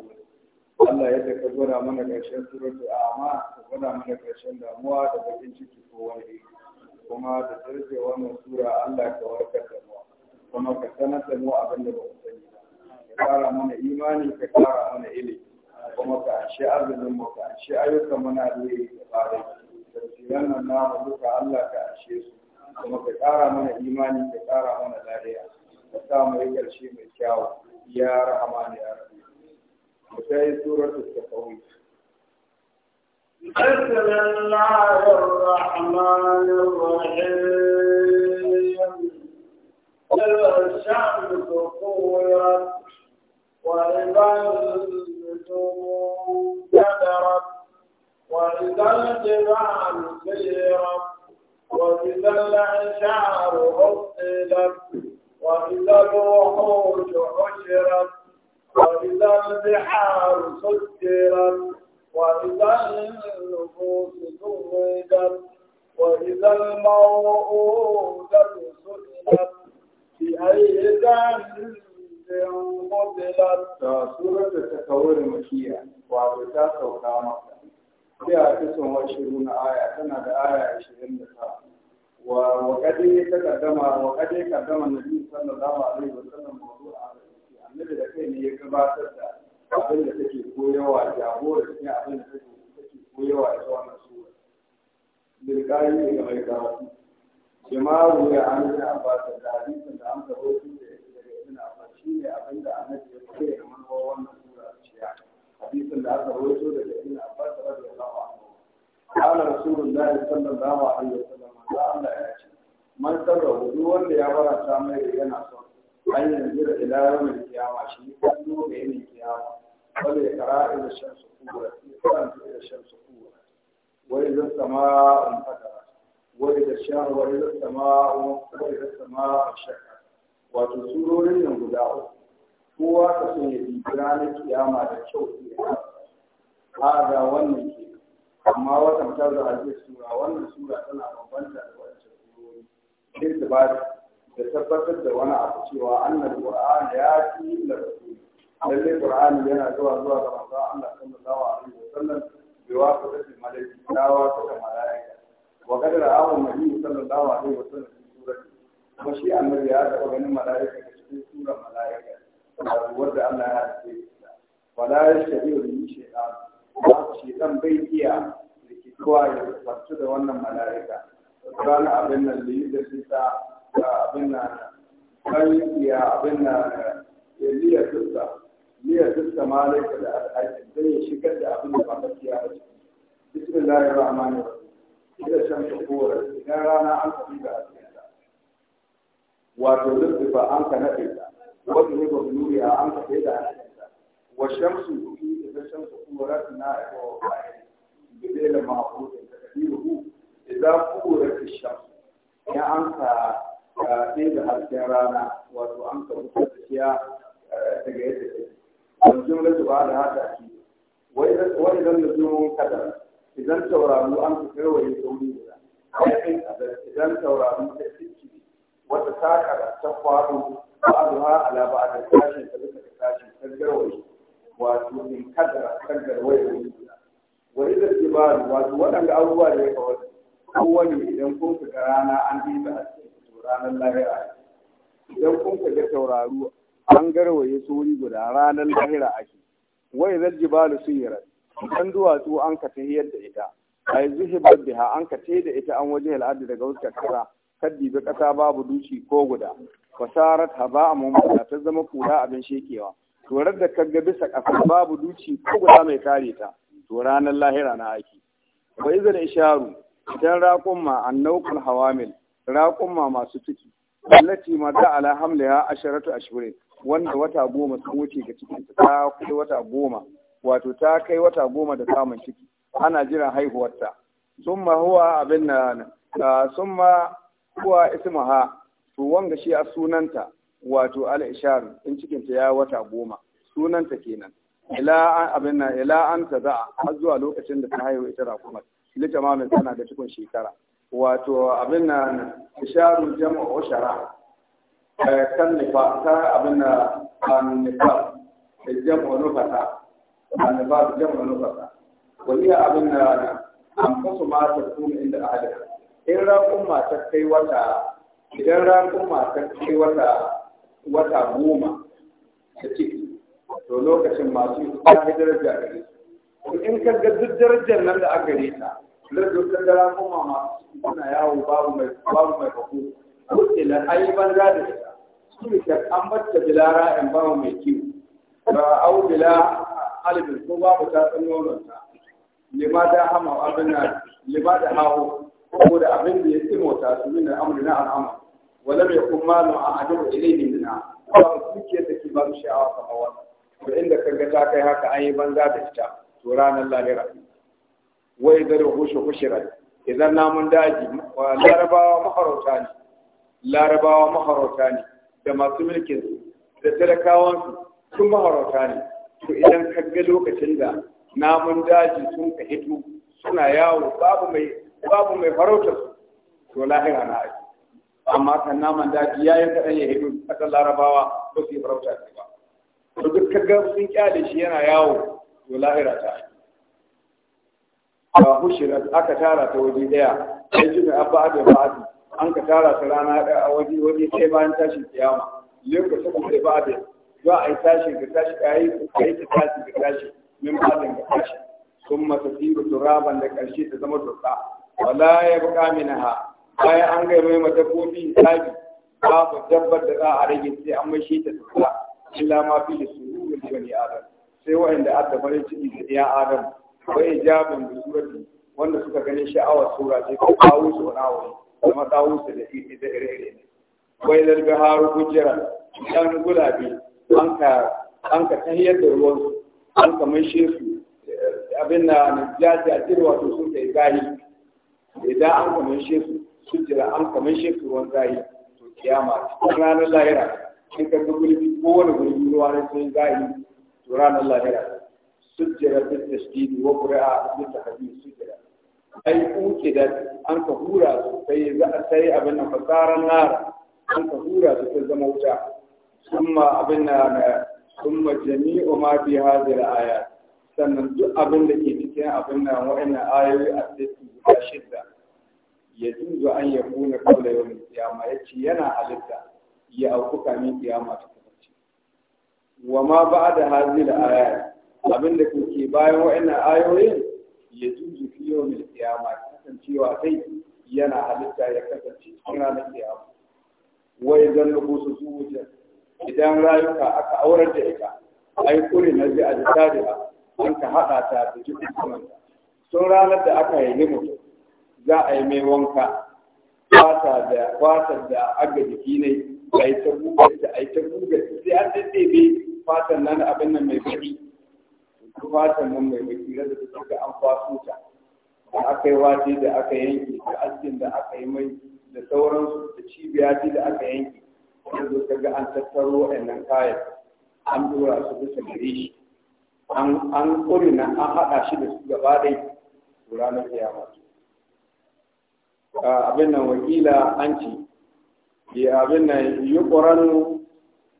Allah yadda ka gwada mana ƙarshen suratu amma ka gwada mana ƙarshen damuwa da bakin ciki ko wani kuma da sarfe wannan sura Allah ka warkar da mu kuma ka sanar da mu abin da ba mu sani ba ka kara mana imani ka kara mana ilimi kuma ka ashe arzikin mu ka ashe ayyukan mana alheri da fara tafsiran nan namu duka Allah ka ashe su kuma ka kara mana imani ka kara mana lariya ka sa mu yi ƙarshe mai kyawu ya rahama ya rahama وشاهد سورة التقويم بسم الله الرحمن الرحيم الشمس كورت وإذا النجوم كدرت وإذا الجبال سيرت وإذا العشار أصلت وإذا الوحوش حشرت وإذا البحار سجرت وإذا النفوس زوجت وإذا الموءودة سئلت بأي ذنب قتلت سورة التكور مكية وعبتا سوكا مكة فيها تسع وعشرون آية سنة آية عشرين وقد تقدم وقد قدم النبي صلى الله عليه وسلم موضوع هذا annabi da kai ne ya gabatar da abin da take koyawa jagora ne abin da take koyawa ita wannan sura lilkari ne ga mai karatu jama'u ya an yi abbas da hadisin da an tabo shi da daga ibn abbas shi ne abin da ya koyar manwa wannan sura ciya hadisin da aka rawaito daga ibn abbas radiyallahu anhu قال رسول الله صلى الله عليه وسلم قال ce. يا من سر وجوه ولا يبرى سامي yana son. an yanzu da ilayen mai kiyama shi ne kallo da yanin kiyama wanda ya kara ila shan su kuwa ya karanta ila shan su kuwa wani zan sama an fata wani da shan wani zan sama wani zan sama an shaka wato surorin nan guda uku kowa ka so ya bi ranar kiyama da kyau a da wannan ke amma wata ta da hajjiyar sura wannan sura tana bambanta da wancan surori. Kirti ba da tabbatar da wani abu cewa annan qur'an ya ci da lalle qur'an yana zuwa zuwa ga manzo Allah sallallahu alaihi wasallam bi waqati malaiki dawa ta malaika wa qad ra'a nabi sallallahu alaihi wasallam fi surati kuma shi annabi ya taba ganin malaika da cikin surar malaika wanda Allah ya halice ta wala yashhadu li shay'an ba shaytan bai iya rikitowa ya tsarki da wannan malaika ranar abin nan da yi da shi abin nan kai ya abin nan ya liya tusta liya tusta malaka da alhaji zai ya shigar da abin da ba gaskiya ba ce bismillahir rahmanir rahim ila shamsu kowar idan rana an tafi da asirinta wato lullufa an ka naɗe ta wata ne ba nuri a an ka tafi da asirinta wa shamsu ila shamsu kowar na aiwa wa bayan bidai da mahaifin da kabiru idan kowar ta shamsu ya an ka Ka ɗaya hasken rana wato an ka fitar da shiya eh, daga yadda ke wajen rasu ba da haka shi wani zan da zuwan kadar idan tauraru an ka wani sauri guda wani kadar idan tauraru ta ciki wata ta da ta kwado ba da ha ala ba da tashin ta duka da tashin ta garwaye wato in kadar kan garwaye wani guda wani zan ba wato waɗanda abubuwa da ya kawar wani idan kun fita rana an ɗiba hasken ranar lahira idan kun kaga tauraro an garwaye su wuri guda ranar lahira ake wai zaljibalu suyirat idan duwatsu an ka tahiyar da ita ai zuhibar biha an ka da ita an waje al'adu daga wuskar kasa kaddi bi kasa babu duci ko guda fasarat haba mummuna ta zama kura abin shekewa torar da kaga bisa kasa babu duci ko guda mai kare ta to ranar lahira na aiki wa izal isharu idan raƙon ma annaukul hawamil raƙumma masu ciki ma mata ala hamliha asharatu ashhurin wanda wata goma sun wuce ga ciki ta kai wata goma wato ta kai wata goma da samun ciki ana jiran haihuwarta ma huwa abin na ma huwa ha to wanga shi a sunanta wato al'ishar in cikinta ya wata goma sunanta kenan ila an abin na ila an ta za'a har zuwa lokacin da ta haihu ita rakumar mai tana da cikin shekara wato abin na isharu jama'a shara, eh, kan nifa ta abin na nifa da jama'a nufata a nifa da jama'a nufata wani abin na an kasu mata kuma inda ahalika in rakun mata kai wata idan rakun mata kai wata wata goma ta ciki to lokacin masu ta hidirar jami'ai in ka ga duk darajar nan da aka yi ta lardun kankara kuma masu suna yawo babu mai babu mai bako kuɗila ai banza da shi. su ta an bata bila ra'in babu mai kiwo ba au bila alibin ko babu ta san nononta lima da hama abin lima da hawo ko da abin da ya tsimota su min da na al'amar wala mai kuma nu a adabu ilaihi na. ba su ke ta ba mu sha'awa kamar wannan to inda kaga ta kai haka an yi banza da ita to ranar lahira wai zai hushe hushirar idan namun daji larabawa maharauta ne larabawa maharauta ne da masu mulkin da da su sun maharauta ne to idan ka ga lokacin da namun daji sun ka hito suna yawo babu mai babu mai farautar su to lahira na aji amma kan naman daji yi kaɗan ya hito kan larabawa ba su yi farauta ba to duk ka ga sun kyale shi yana yawo to lahira ta aji ba hushira aka tara ta waje daya sai ji mai abba abin ba'adi an ka tara ta rana daya a waje waje sai bayan tashin kiyama lokacin da ba abin za a yi tashin ka tashi ka yi ka yi ka tashi ka tashi min ba'adin ka tashi sun masa tsiru turaban da ƙarshe ta zama turka wala ya buƙa minaha bayan an gai mai madabbobi tsabi babu dabbar da za a rage sai an mai shi ta turka illa ma fi da su ruwan bani adam sai wa'anda adda farin ciki da ya adam wa ijabin bi surati wanda suka gane sha'awar sura ce ko kawo su wani awo kuma kawo su da iri da ire-ire ne wa ilal haru kujira dan gulabi an ka an ka tahiyar da ruwan su an ka maishe su abin da najaji a tirwa to sun kai zahi idan an ka maishe su su jira an ka maishe su ruwan zahi to kiyama cikin ranar lahira Sai ka ga gulbi ko wani gulbi ruwa na sai zahi to ranar lahira sujjara bil tasdid wa qira'a bil tahdid sujjara ai uke da an ka hura su sai za a sai abin nan fasaran nar an ka hura su ta zama wuta kuma abin nan kuma jami'u ma fi hadhihi al sannan duk abin da ke cikin abin nan wa'annan ayoyi a cikin shidda ya juzu an ya kuna kawai yawan kiyama ya ce yana halitta ya auku kamin kiyama ta kasance wa ma ba da hazi da aya abin da kuke bayan wa'annan ayoyin ya juju fi yau mai kiyama kasancewa sai yana halitta ya kasance cikin ranar kiyama wai zan lubu su zuwuce idan rayuka aka aurar da ita yi kuri na bi a ba an ka haɗa ta da jikin kamanta sun ranar da aka yi mutum za a yi mai wanka Fata da kwatar da aga jiki ne a yi ta bugar da a yi ta bugar sai an daddebe fatan nan abin nan mai bari tufatan nan mai baki da ta da an kwaso ta da aka yi wace da aka yanke da askin da aka yi mai da sauransu da cibiya ce da aka yanke yanzu ta ga an tattaro waɗannan kayan an dora su bisa gare shi an ƙurina an haɗa shi da su gaba ɗai ranar kiyama abin nan wakila an ce ya abin nan yi ƙoranu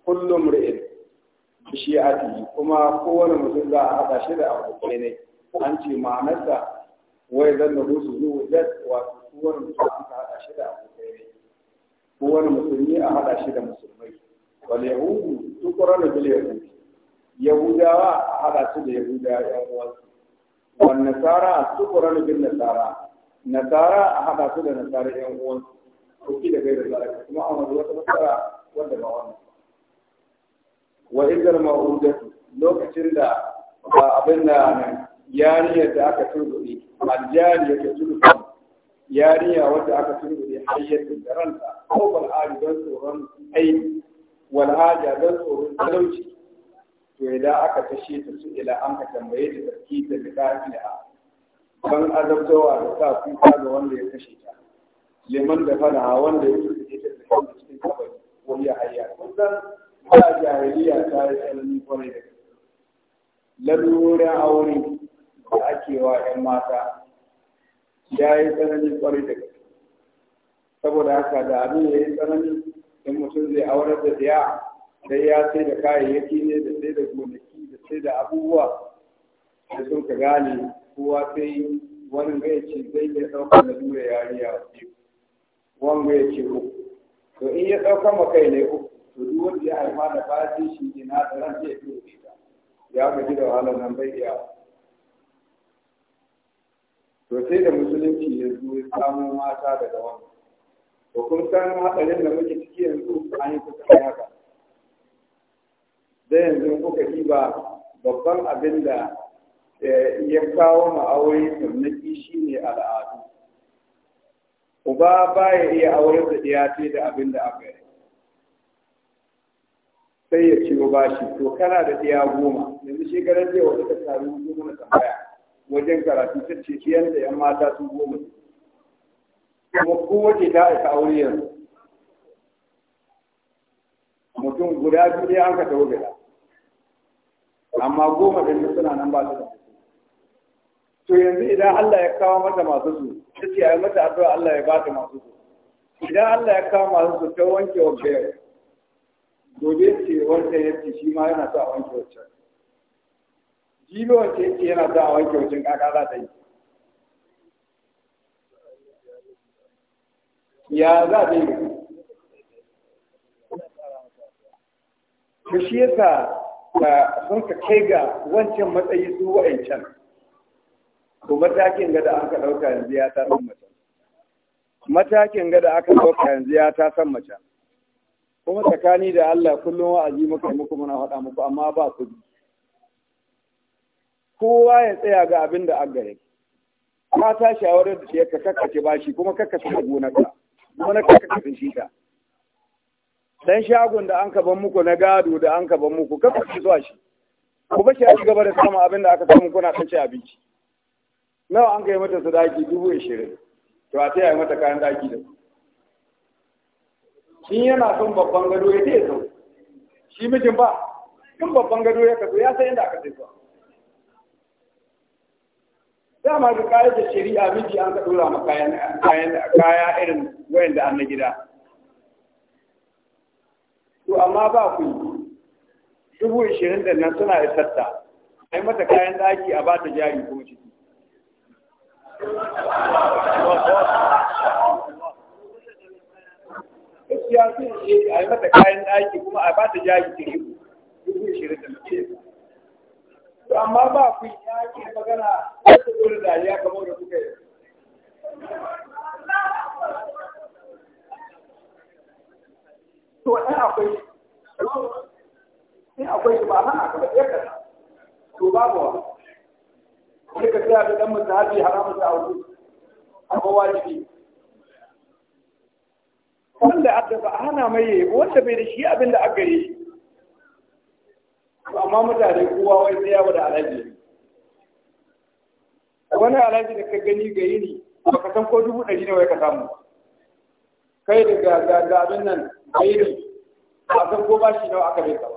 kullum ri'in shi'ati kuma kowane mutum za a haɗa shi da abokai ne an ce ma'anarsa wai zan da su zuwa zai wato kowane mutum an a haɗa shi da abokai ne kowane musulmi a haɗa shi da musulmai wani yahudu tukurana bil yahudi yahudawa a haɗa su da yahudawa yan uwansu Wani nasara tukurana bil nasara nasara a haɗa su da nasara ƴan uwansu ko ki da gaira kuma a wani wata nasara wanda ba wannan wa idar ma'udatu lokacin da abin da yariya da aka turbuɗe aljariya ta turbuɗe yariya wadda aka turbuɗe hayyatin da ranta ko bal'adu don tsoron aini wal'ada don tsoron talauci to idan aka tashe ta su ila an ka tambaye ta da ta a, ban azabtawa da sa kuka ga wanda ya kashe ta liman da fana wanda ya turbuɗe ta cikin kabari ko ya hayya wannan a jahiliya ta yi tsanani kwarai da gaske, lalurorin aure da ake wa 'yan mata ya yi tsanani kwarai da gaske, saboda haka da abin ya yi tsanani in mutum zai aure da ɗaya sai ya sai da kayayyaki ne da sai da gonaki da sai da abubuwa da sun ka gane kowa sai wani ga ce zai iya ɗaukar da dura yariya wanga ya ce uku to in ya ɗaukar ma kai ne uku to duk wanda ya haifa da bayan shi ke na da ran zai fito da ya gaji da wahalar nan bai iya to sai da musulunci ya zo ya samu mata daga wani to kun san hatsarin da muke ciki yanzu an yi kusa haka dai yanzu kuka ba babban abin da eh, ya kawo ma'aure shi ne al'adu uba ba ya iya aure da ɗiya da abin da aka yi sai ya ciwo bashi to kana da ɗaya goma yanzu shekarar jiya wata ta taru goma na tambaya wajen karatu ta ce ɗiyan da ‘yan mata sun goma kuma kowace ta aika aure yanzu mutum guda biyu ne an ka tawo gida amma goma ɗin suna nan ba su da to yanzu idan Allah ya kawo mata masu su ta ce a yi mata addu'a Allah ya ba ta masu su idan Allah ya kawo masu su ta wanke wa bayar gobe ce wanda ya ce shi ma yana sa a wanke wancan jibi wanda ya ce yana sa a wanke wancan kaka za ta yi ya za ta yi ku shi yasa sun ka kai ga wancan matsayi su wa'ancan ko matakin ga da aka ɗauka yanzu ya ta san mace matakin ga da aka ɗauka yanzu ya ta san mace kuma tsakani da Allah kullum wa'azi muka yi muku muna faɗa muku amma ba ku kowa ya tsaya ga abin da an gare ka ta shawarar da shi ka kakkace bashi kuma kakkace da gonarka kuma na kakkace shi ta dan shagon da an kaban muku na gado da an kaban muku kakkace zuwa shi ku bashi a gaba da samun abin da aka samu kuna kace abinci nawa an kai mata sadaki dubu ashirin to a taya mata kayan daki da su in yana son babban gado ya ce zo shi mijin ba in babban gado ya kaso ya san inda aka sai da ma ga kayan da shari'a miji an ka dora ma kayan kaya irin wayan da an na gida to amma ba ku dubu ishirin da nan suna isarta ai mata kayan daki a ba ta jari kuma ciki gaskiya sun ce a yi mata kayan ɗaki kuma a ba ta jaji ta ribu dubu ishirin da mace to amma ba ku ya ke magana ta da dariya kamar da kuka yi to ɗan akwai in akwai shi ba hana ka ba ɗaya ta? to babuwa, wa wani ka tsaya da ɗan mutu haji haramun da a kowa wajibi wanda aka ba hana mai wanda bai da shi abinda aka yi amma mutane kowa wai sai yawo da alaji wani alaji da ka gani ga yi ne baka san ko dubu ɗari ne wai ka samu kai da ga ga abin nan ga ne a san ko bashi nawa aka bai ba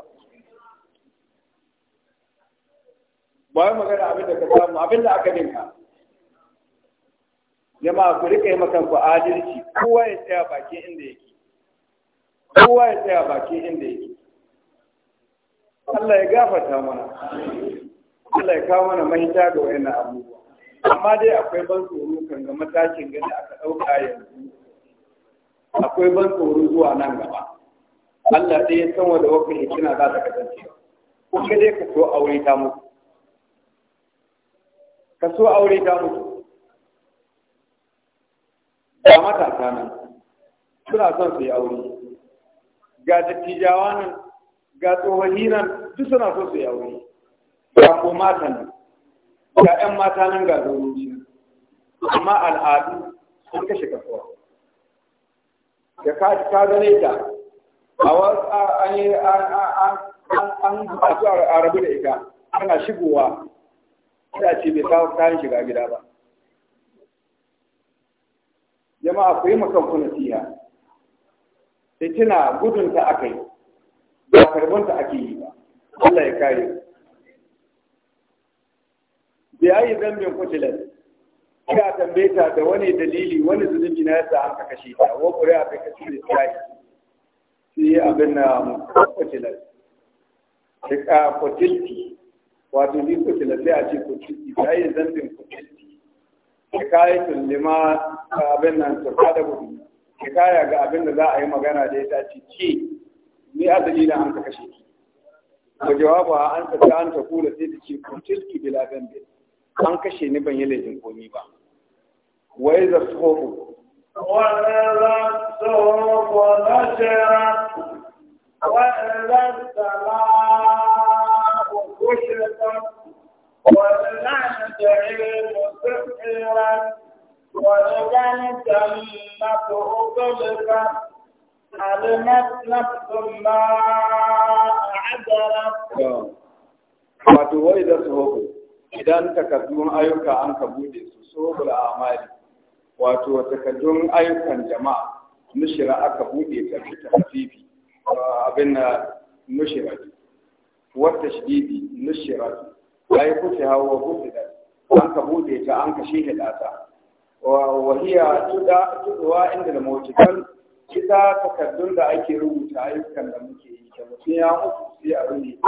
ba yi magana abin da ka samu abin da aka dinka jama'a ku rika yi makan ku adalci kowa ya tsaya bakin inda yake kowa ya tsaya baki inda yake Allah ya gafarta mana Allah ya kawo mana mahita ga wayannan abubuwa amma dai akwai ban tsoro kan ga matakin gani aka ɗauka yanzu akwai ban tsoro zuwa nan gaba Allah dai ya san wanda wakil hikima za ta kasance kuma dai ka so aure ta mutu ka so aure ta mutu ga matasa nan suna son su yi aure ga dattijawa nan ga tsohoni nan duk suna son su yi aure ga ko mata nan ga 'yan mata nan ga shi. amma al'adu sun kashe kasuwa da ka ta gane ta a wasu an yi a rabu da ita ana shigowa ita ce bai kawo kayan shiga gida ba jama'a ku yi makan ku nasiha fitina gudunta akai yi ba karbanta ake yi ba Allah ya kare ku bi ayi zambin kutilat ina tambaye ta da wani dalili wani zunubi na yasa an ka kashe ta wa ƙuri'a a ka da sai sai abin na sai ka kutilti wato ni kutilat sai a ce kutilti bi ayi zambin kutilti tun lima abin nan turka da gudu hikaya ga abin da za a yi magana da ya ta ce ni azali na an ka kashe ki Ba jawabu an tafi ta an tafi da sai ta ce kuntilki bila dambe an kashe ni ban yi laifin komi ba wa iza suhufu wa iza suhufu nashira wa iza sama'u kushirat wa iza وإذا الجنة أغلقت علمت نفس wato wai da sohobu idan takaddun ayyuka an ka bude su a Amari. wato takaddun ayyukan jama'a nushira aka bude ta fi tafifi abin na nushira wata shididi nushira yi kusa hawa kuce da an ka bude ta an ka shi hidata. wahiya tuduwa inda da mawucikan kita takardun da ake rubuta ayyukan da muke yi da mutum ya mutu sai a ruhi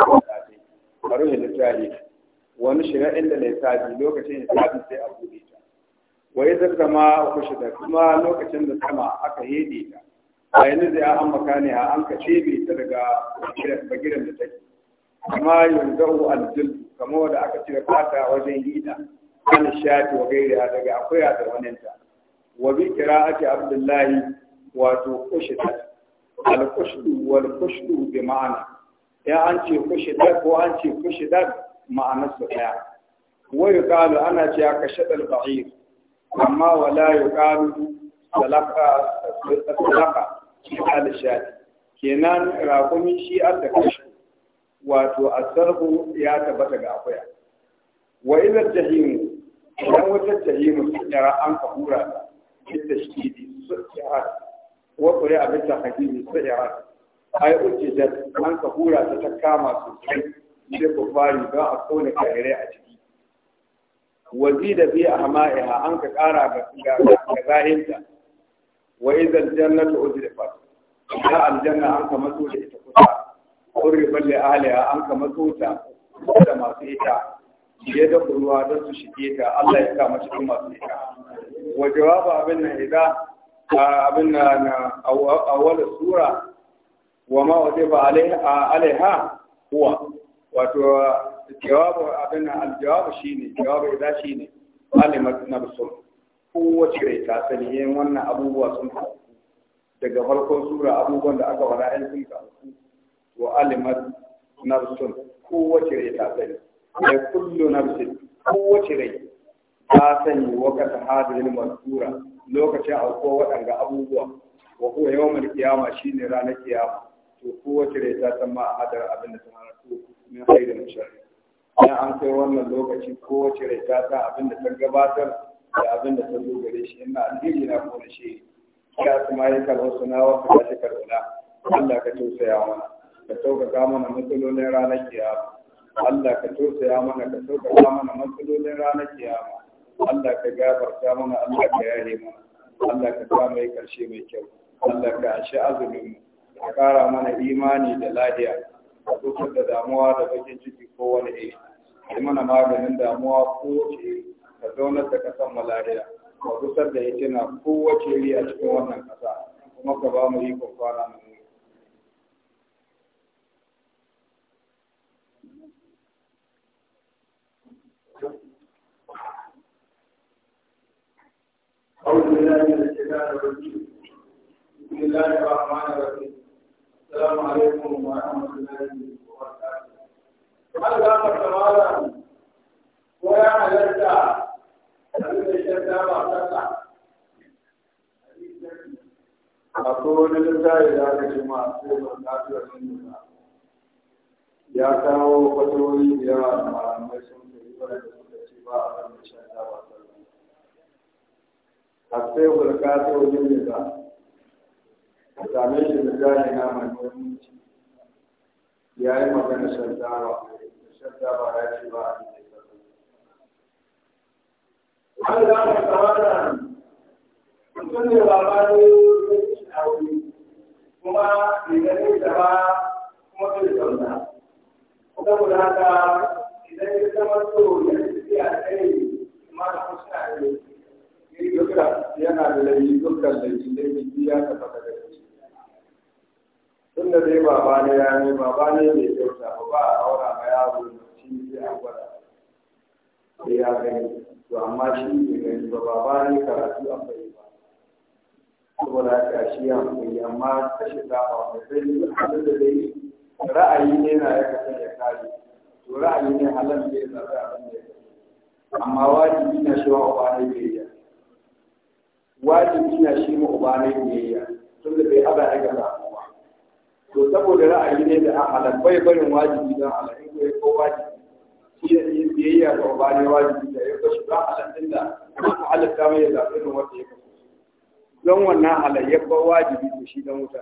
a ruhi littafi wani shiga inda lissafi lokacin lissafi sai a buɗe ta wai zai zama kushe da kuma lokacin da sama aka hede ta a yanzu zai an maka ne a an ka cebe ta daga bagiran da take amma yanzu aljil kamar wanda aka cire fata wajen hida عن الشات وغيرها دقي أخويا ترونينتا وبقراءة عبد الله وتوخشت الخشد والخشد بمعنى يا أنت خشد وأنت مع معنى السحيا ويقال أنا جاء كشد البعير أما ولا يقال تلقى سلقة على الشات kenan raƙumi shi a da kashi wato a sarbu ya tabbata ga idan wata ta yi mutum yara an ka hura yadda shi ne su yara wa kuri abin ta hakimi su yara ai uce da an ka hura ta ta kama sosai ku fari don a kone kare a ciki wazi da biya a hama'iha an ka kara ga zahinta wa idan jannatu udrifat ya aljanna an ka matso da ita kusa qurriban li ahliha an ka matso ta da masu ita ya da ruwa don su shige ta Allah ya kama cikin masu ita wa jawabu abin nan idan abin na na awwal sura wa ma zai ba alaiha kuwa wato jawabu abin nan aljawabu shine jawabu idan shine alimat nafsun kowace rai ta sani yin wannan abubuwa sun faru daga farkon sura abubuwan da aka wada yan sun faru wa alimat nafsun kowace rai ta sani ai kullu nafsin kowace rai ta sani wakata hadirin mazkura lokacin auko waɗanda abubuwa wa huwa yawmul shi shine ranar kiyama to kowace rai ta san ma abin da ta halarta min khairin shari'a ya an kai wannan lokaci kowace rai ta san abin da ta gabatar da abin da ta zo gare shi ina alheri na kuma da shi ya ma yi kalwa suna wata ta shi karɓa Allah ka tausaya mana ka sauka mana matsalolin ranar kiyama Allah ka tausaya mana ka sauƙaƙa mana matsalolin ranar kiyama Allah ka gafarta mana Allah ka yare mana Allah ka sa mai ƙarshe mai kyau Allah ka ashe azumin ka kara mana imani da lahiya ka tsokar da damuwa da bakin ciki ko wani iri yi mana maganin damuwa ko ce ka zaunar da kasan malaria. lahiya ka da yake na kowace iri a cikin wannan kasa kuma ka ba mu ikon kwana mai أعوذ بالله من الشيطان الرجيم بسم الله الرحمن الرحيم السلام عليكم ورحمة الله وبركاته هل ذاك الجمال ويا حلتا أبدا الشتاء وعطتا أقول لله يا جماعة سيدنا الناس والسنة يا كاو فتوي يا مالك سنة يبرد سنة a sai wulka ta wajen ne ba a same shi da gane na mai ya yi magana shaddawa shaddawa ya ce ba a cikin sassan an da aka tsawara mutum ne ba ba ne a wuri kuma idan ya ba kuma zai zauna saboda haka idan ya zama so ya fi a tsaye ma da kusa a yau duka yana da laifi dukkan da laifi laifi ya tabbata da shi tun da dai baba ne ya ne baba ne mai kyauta ba ba a aura ma yaro shi sai an gwada sai ya gani to amma shi ne gani ba baba ne karatu an bai ba saboda haka shi ya hankali amma kashe zaɓa mai zai yi abin da dai ra'ayi ne na ya kasance ya kare to ra'ayi ne halar da ya zaɓi abin da ya amma wajibi na shi wa ba ne bai yi wajibi na shi mu uba ne biyayya tunda bai hada ya ga ba to saboda ra'ayi ne da halal bai barin wajibi dan halal in ko ko wajibi shi ne yin biyayya ga uba ne wajibi da ya shi ba Allah din da ko halal ta mai da irin wanda ya kashi don wannan halal ya ba wajibi to shi dan wuta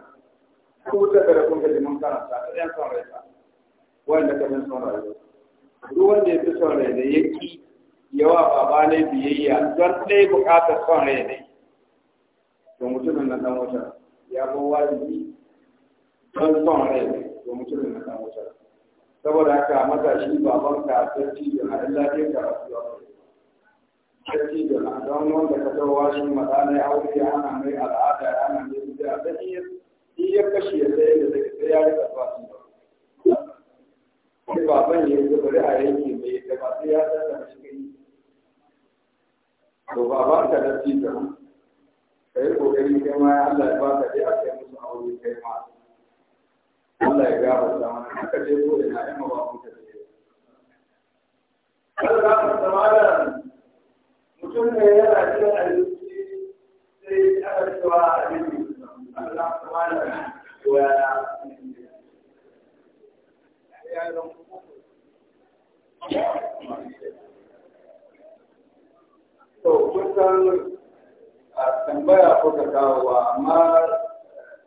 ko wuta da kun ga mun karanta da yan son rai ta wanda ka san son rai duk wanda ya fi son rai da yake yawa baba ne biyayya don ɗaya buƙatar son rai ne to mutumin na dan wuta ya bo wajibi don son rai to mutumin na dan wuta saboda haka matashi baban ka sarki da har lafiya ka rasuwa sarki da don wanda ka tawa shi madana ya aure ya ana mai al'ada ya ana mai bid'a dan iya ya kashi ya sai da sai ya rika zuwa su sai baban ya yi bari a yanki mai da masu sai ya tsaya shi kai to baban ka da tita ka yi kokari kai ma ya Allah ya baka dai aka musu aure kai ma Allah ya gafarta mana haka dai ko ina ai ma ba ku ta dai Allah ya gafarta mutum ne yana cikin arziki sai aka cewa arziki Allah ya gafarta mana wa ya to a tambaya ko ka wa? amma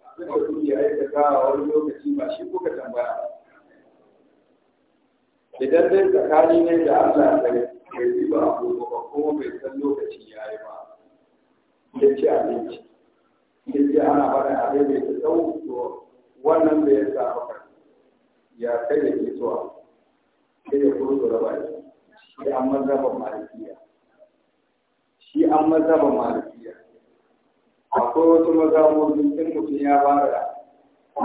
abin da kuke aikata a wani lokaci ba shi ko ka tambaya idan dai tsakani ne da Allah bai bai ba abu ba bai san lokaci ya yi ba ya a abinci ya ce ana faɗa abin bai ta tsawo to wannan bai ya sa maka ya kai da ke zuwa sai ya kuro da rabai sai an mazhaban malikiya shi an mazaba malikiya akwai wasu mazhabobi sun mutum ya fara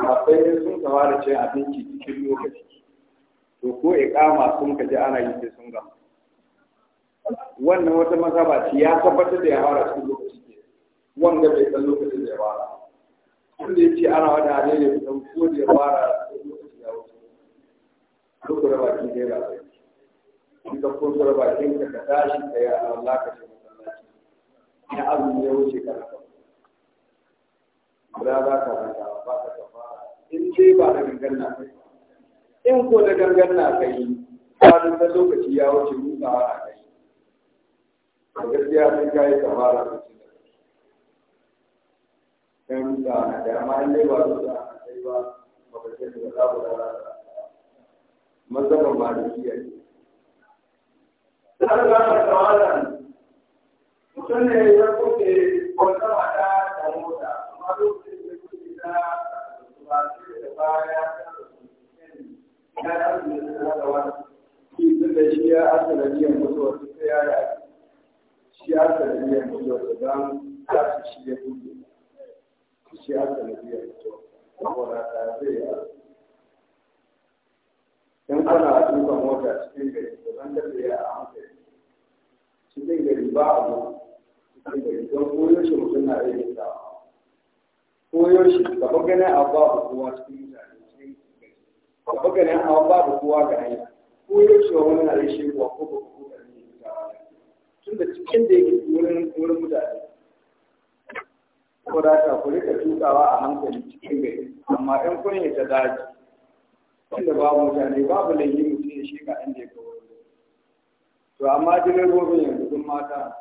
akwai sun kawa da cin abinci cikin lokaci to ko iqama sun kaji ana yi sai sun gama wannan wata mazaba ce ya tabbatar da ya fara cikin lokaci ke wanda bai san lokacin da ya fara wanda ya ce ana wani hane ne kusan ko da ya fara lokacin ya wuce duk da baki ne ba sai ka kuma da bakin ka ka tashi ka yi Allah ka ce maka na azumi ya wuce kana ba guda ba ka manta ba ka fara. in dai ba da gangan na kai in ko da gangan na kai kwanan da lokaci ya wuce mutawa a kai a gaskiya sai ka yi kafara da shi kan mutawa na da amma in dai ba su da kai ba ba ka ce da za ku da rana mazhaban malikiya ne. Sai ka ga tawalan mutum ne ya wata da mota amma lokacin da da baya ya da su da da wani shi tun da shi ya biyan mutuwar shi ya biyan mutuwar shi ya shi ya biyan mutuwar ta zai yi cikin gari zan a hankali cikin gari ba a don koyaushe mutum na rage ta koyaushe gaba ganin abu babu kowa cikin mutane cikin gaba ganin abu babu kowa ga hanya koyaushe wani na rage kuwa ko ba ko ga ne ta tun da cikin da yake wurin wurin mutane ko da ka kuri ka tukawa a hankali cikin gari amma ɗan yi ta daji inda babu mutane babu lalle mutum ya shiga inda ya kawo to amma direbobin yanzu sun mata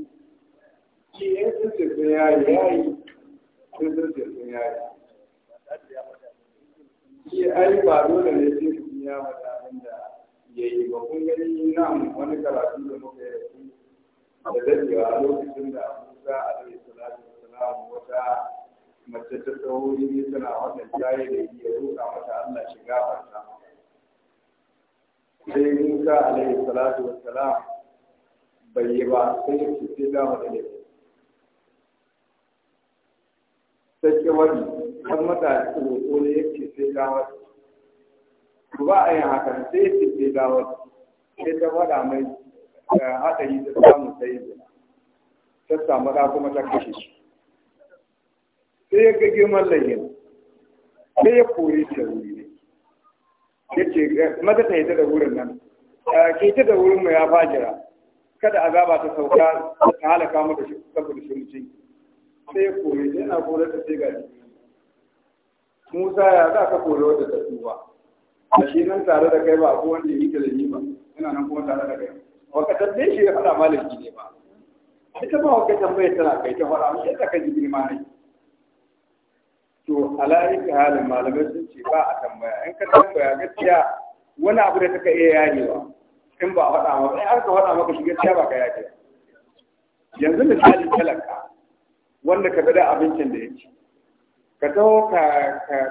shi in sun ce sun yayi yayi sun sun ce sun yayi shi ai ba dole ne sai sun ya mata abin da ya yi ba kun gani nan wani karatu da muka yi da dadewa lokacin da Musa alaihi salatu wassalam wata mace ta tsauri ne tana wannan jaye da ya roƙa mata Allah shiga farta sai Musa alaihi salatu wassalam bai yi ba sai ya ce sai da wani sai ke wani kan mata roƙo ne ce sai gawar ku ba a yin haka sai ce sai gawar sai ta faɗa mai haɗari ta samu sai zina ta samu da kuma ta kashe shi sai ya ga girman layin sai ya kore ta wuri ne ya ce mata ta yi ta da wurin nan ke ta da wurin mu ya fajira kada a zaba ta sauka ta halaka mata saboda shi mutum sai koyi yana kore da sai ga musa ya za ka kore wata ta tuba a shi nan tare da kai ba ko wanda yi kalmi ba yana nan kuma tare da kai waka tambaye shi ya fara malaki ne ba ita ba waka tambaye tana kai ta fara mishi yadda ka ji girma ne to alaika halin malamai sun ce ba a tambaya in ka tambaya gaskiya wani abu da ta ka iya yayewa in ba a faɗa maka in an ka faɗa maka shi gaskiya ba ka yake yanzu misali talaka wanda ka bada abincin da ya ci ka taho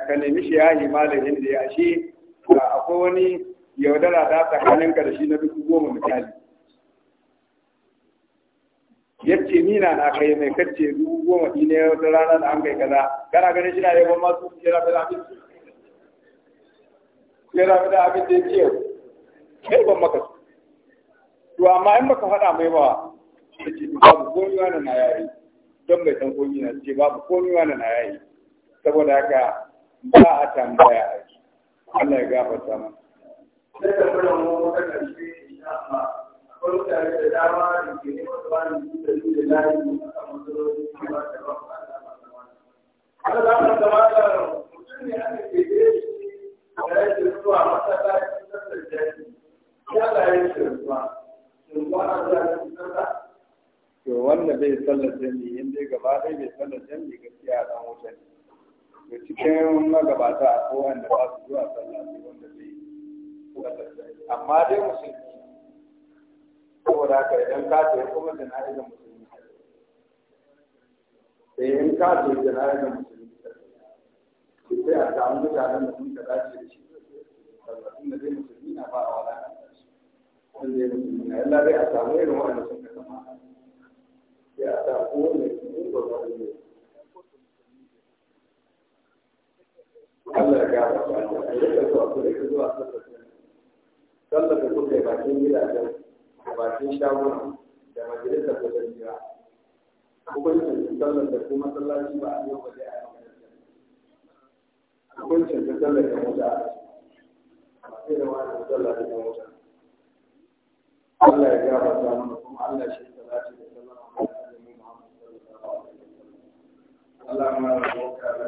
ka nemi shi yayi malamin da ya shi akwai wani yaudara ta tsakanin ka da shi na dubu goma misali yace ni na na kai mai kacce dubu goma ɗi ne wata rana da an kai kaza kana ganin shi na yaban masu kera fi da abin kera fi da abin da ya ce kai ban maka su to amma in baka faɗa mai ba ya ce dubu goma na yare don bai san komi na ce babu komi wani na yayi saboda haka ba a tambaya a shi Allah ya gafarta mu sai da fara mu ta karshe insha Allah akwai mutane da dama da ke neman su bani da su da layi a matsalolin da ba ta ba Allah za mu kamata mutum ne aka ke da shi da yake zuwa masallaci na sarjani ya la yake zuwa shin ba a zuwa cikin to wanda bai sallar jami in dai gaba ɗaya bai sallar jami'i gaskiya a ɗan wuta ne to cikin magabata a da ba su zuwa sallar sai wanda bai sallar amma dai musulmi saboda haka idan ka ce kuma jana'izar musulmi sai eh, yin ka ce jana'izar musulmi sai a samu mutanen da sun ka dace da shi da dai musulmi na ba a wala wanda ya na yalla dai a samu irin waɗanda sun ka zama ya da kowane Allah ya ba bakin gidajen da bakin shaguna da majalisar jira hukuncin sallar da kuma ba a yau ba hukuncin da sallar da mota a sai da wani da mota Allah ya kuma Allah shi salati da Allah ma roƙa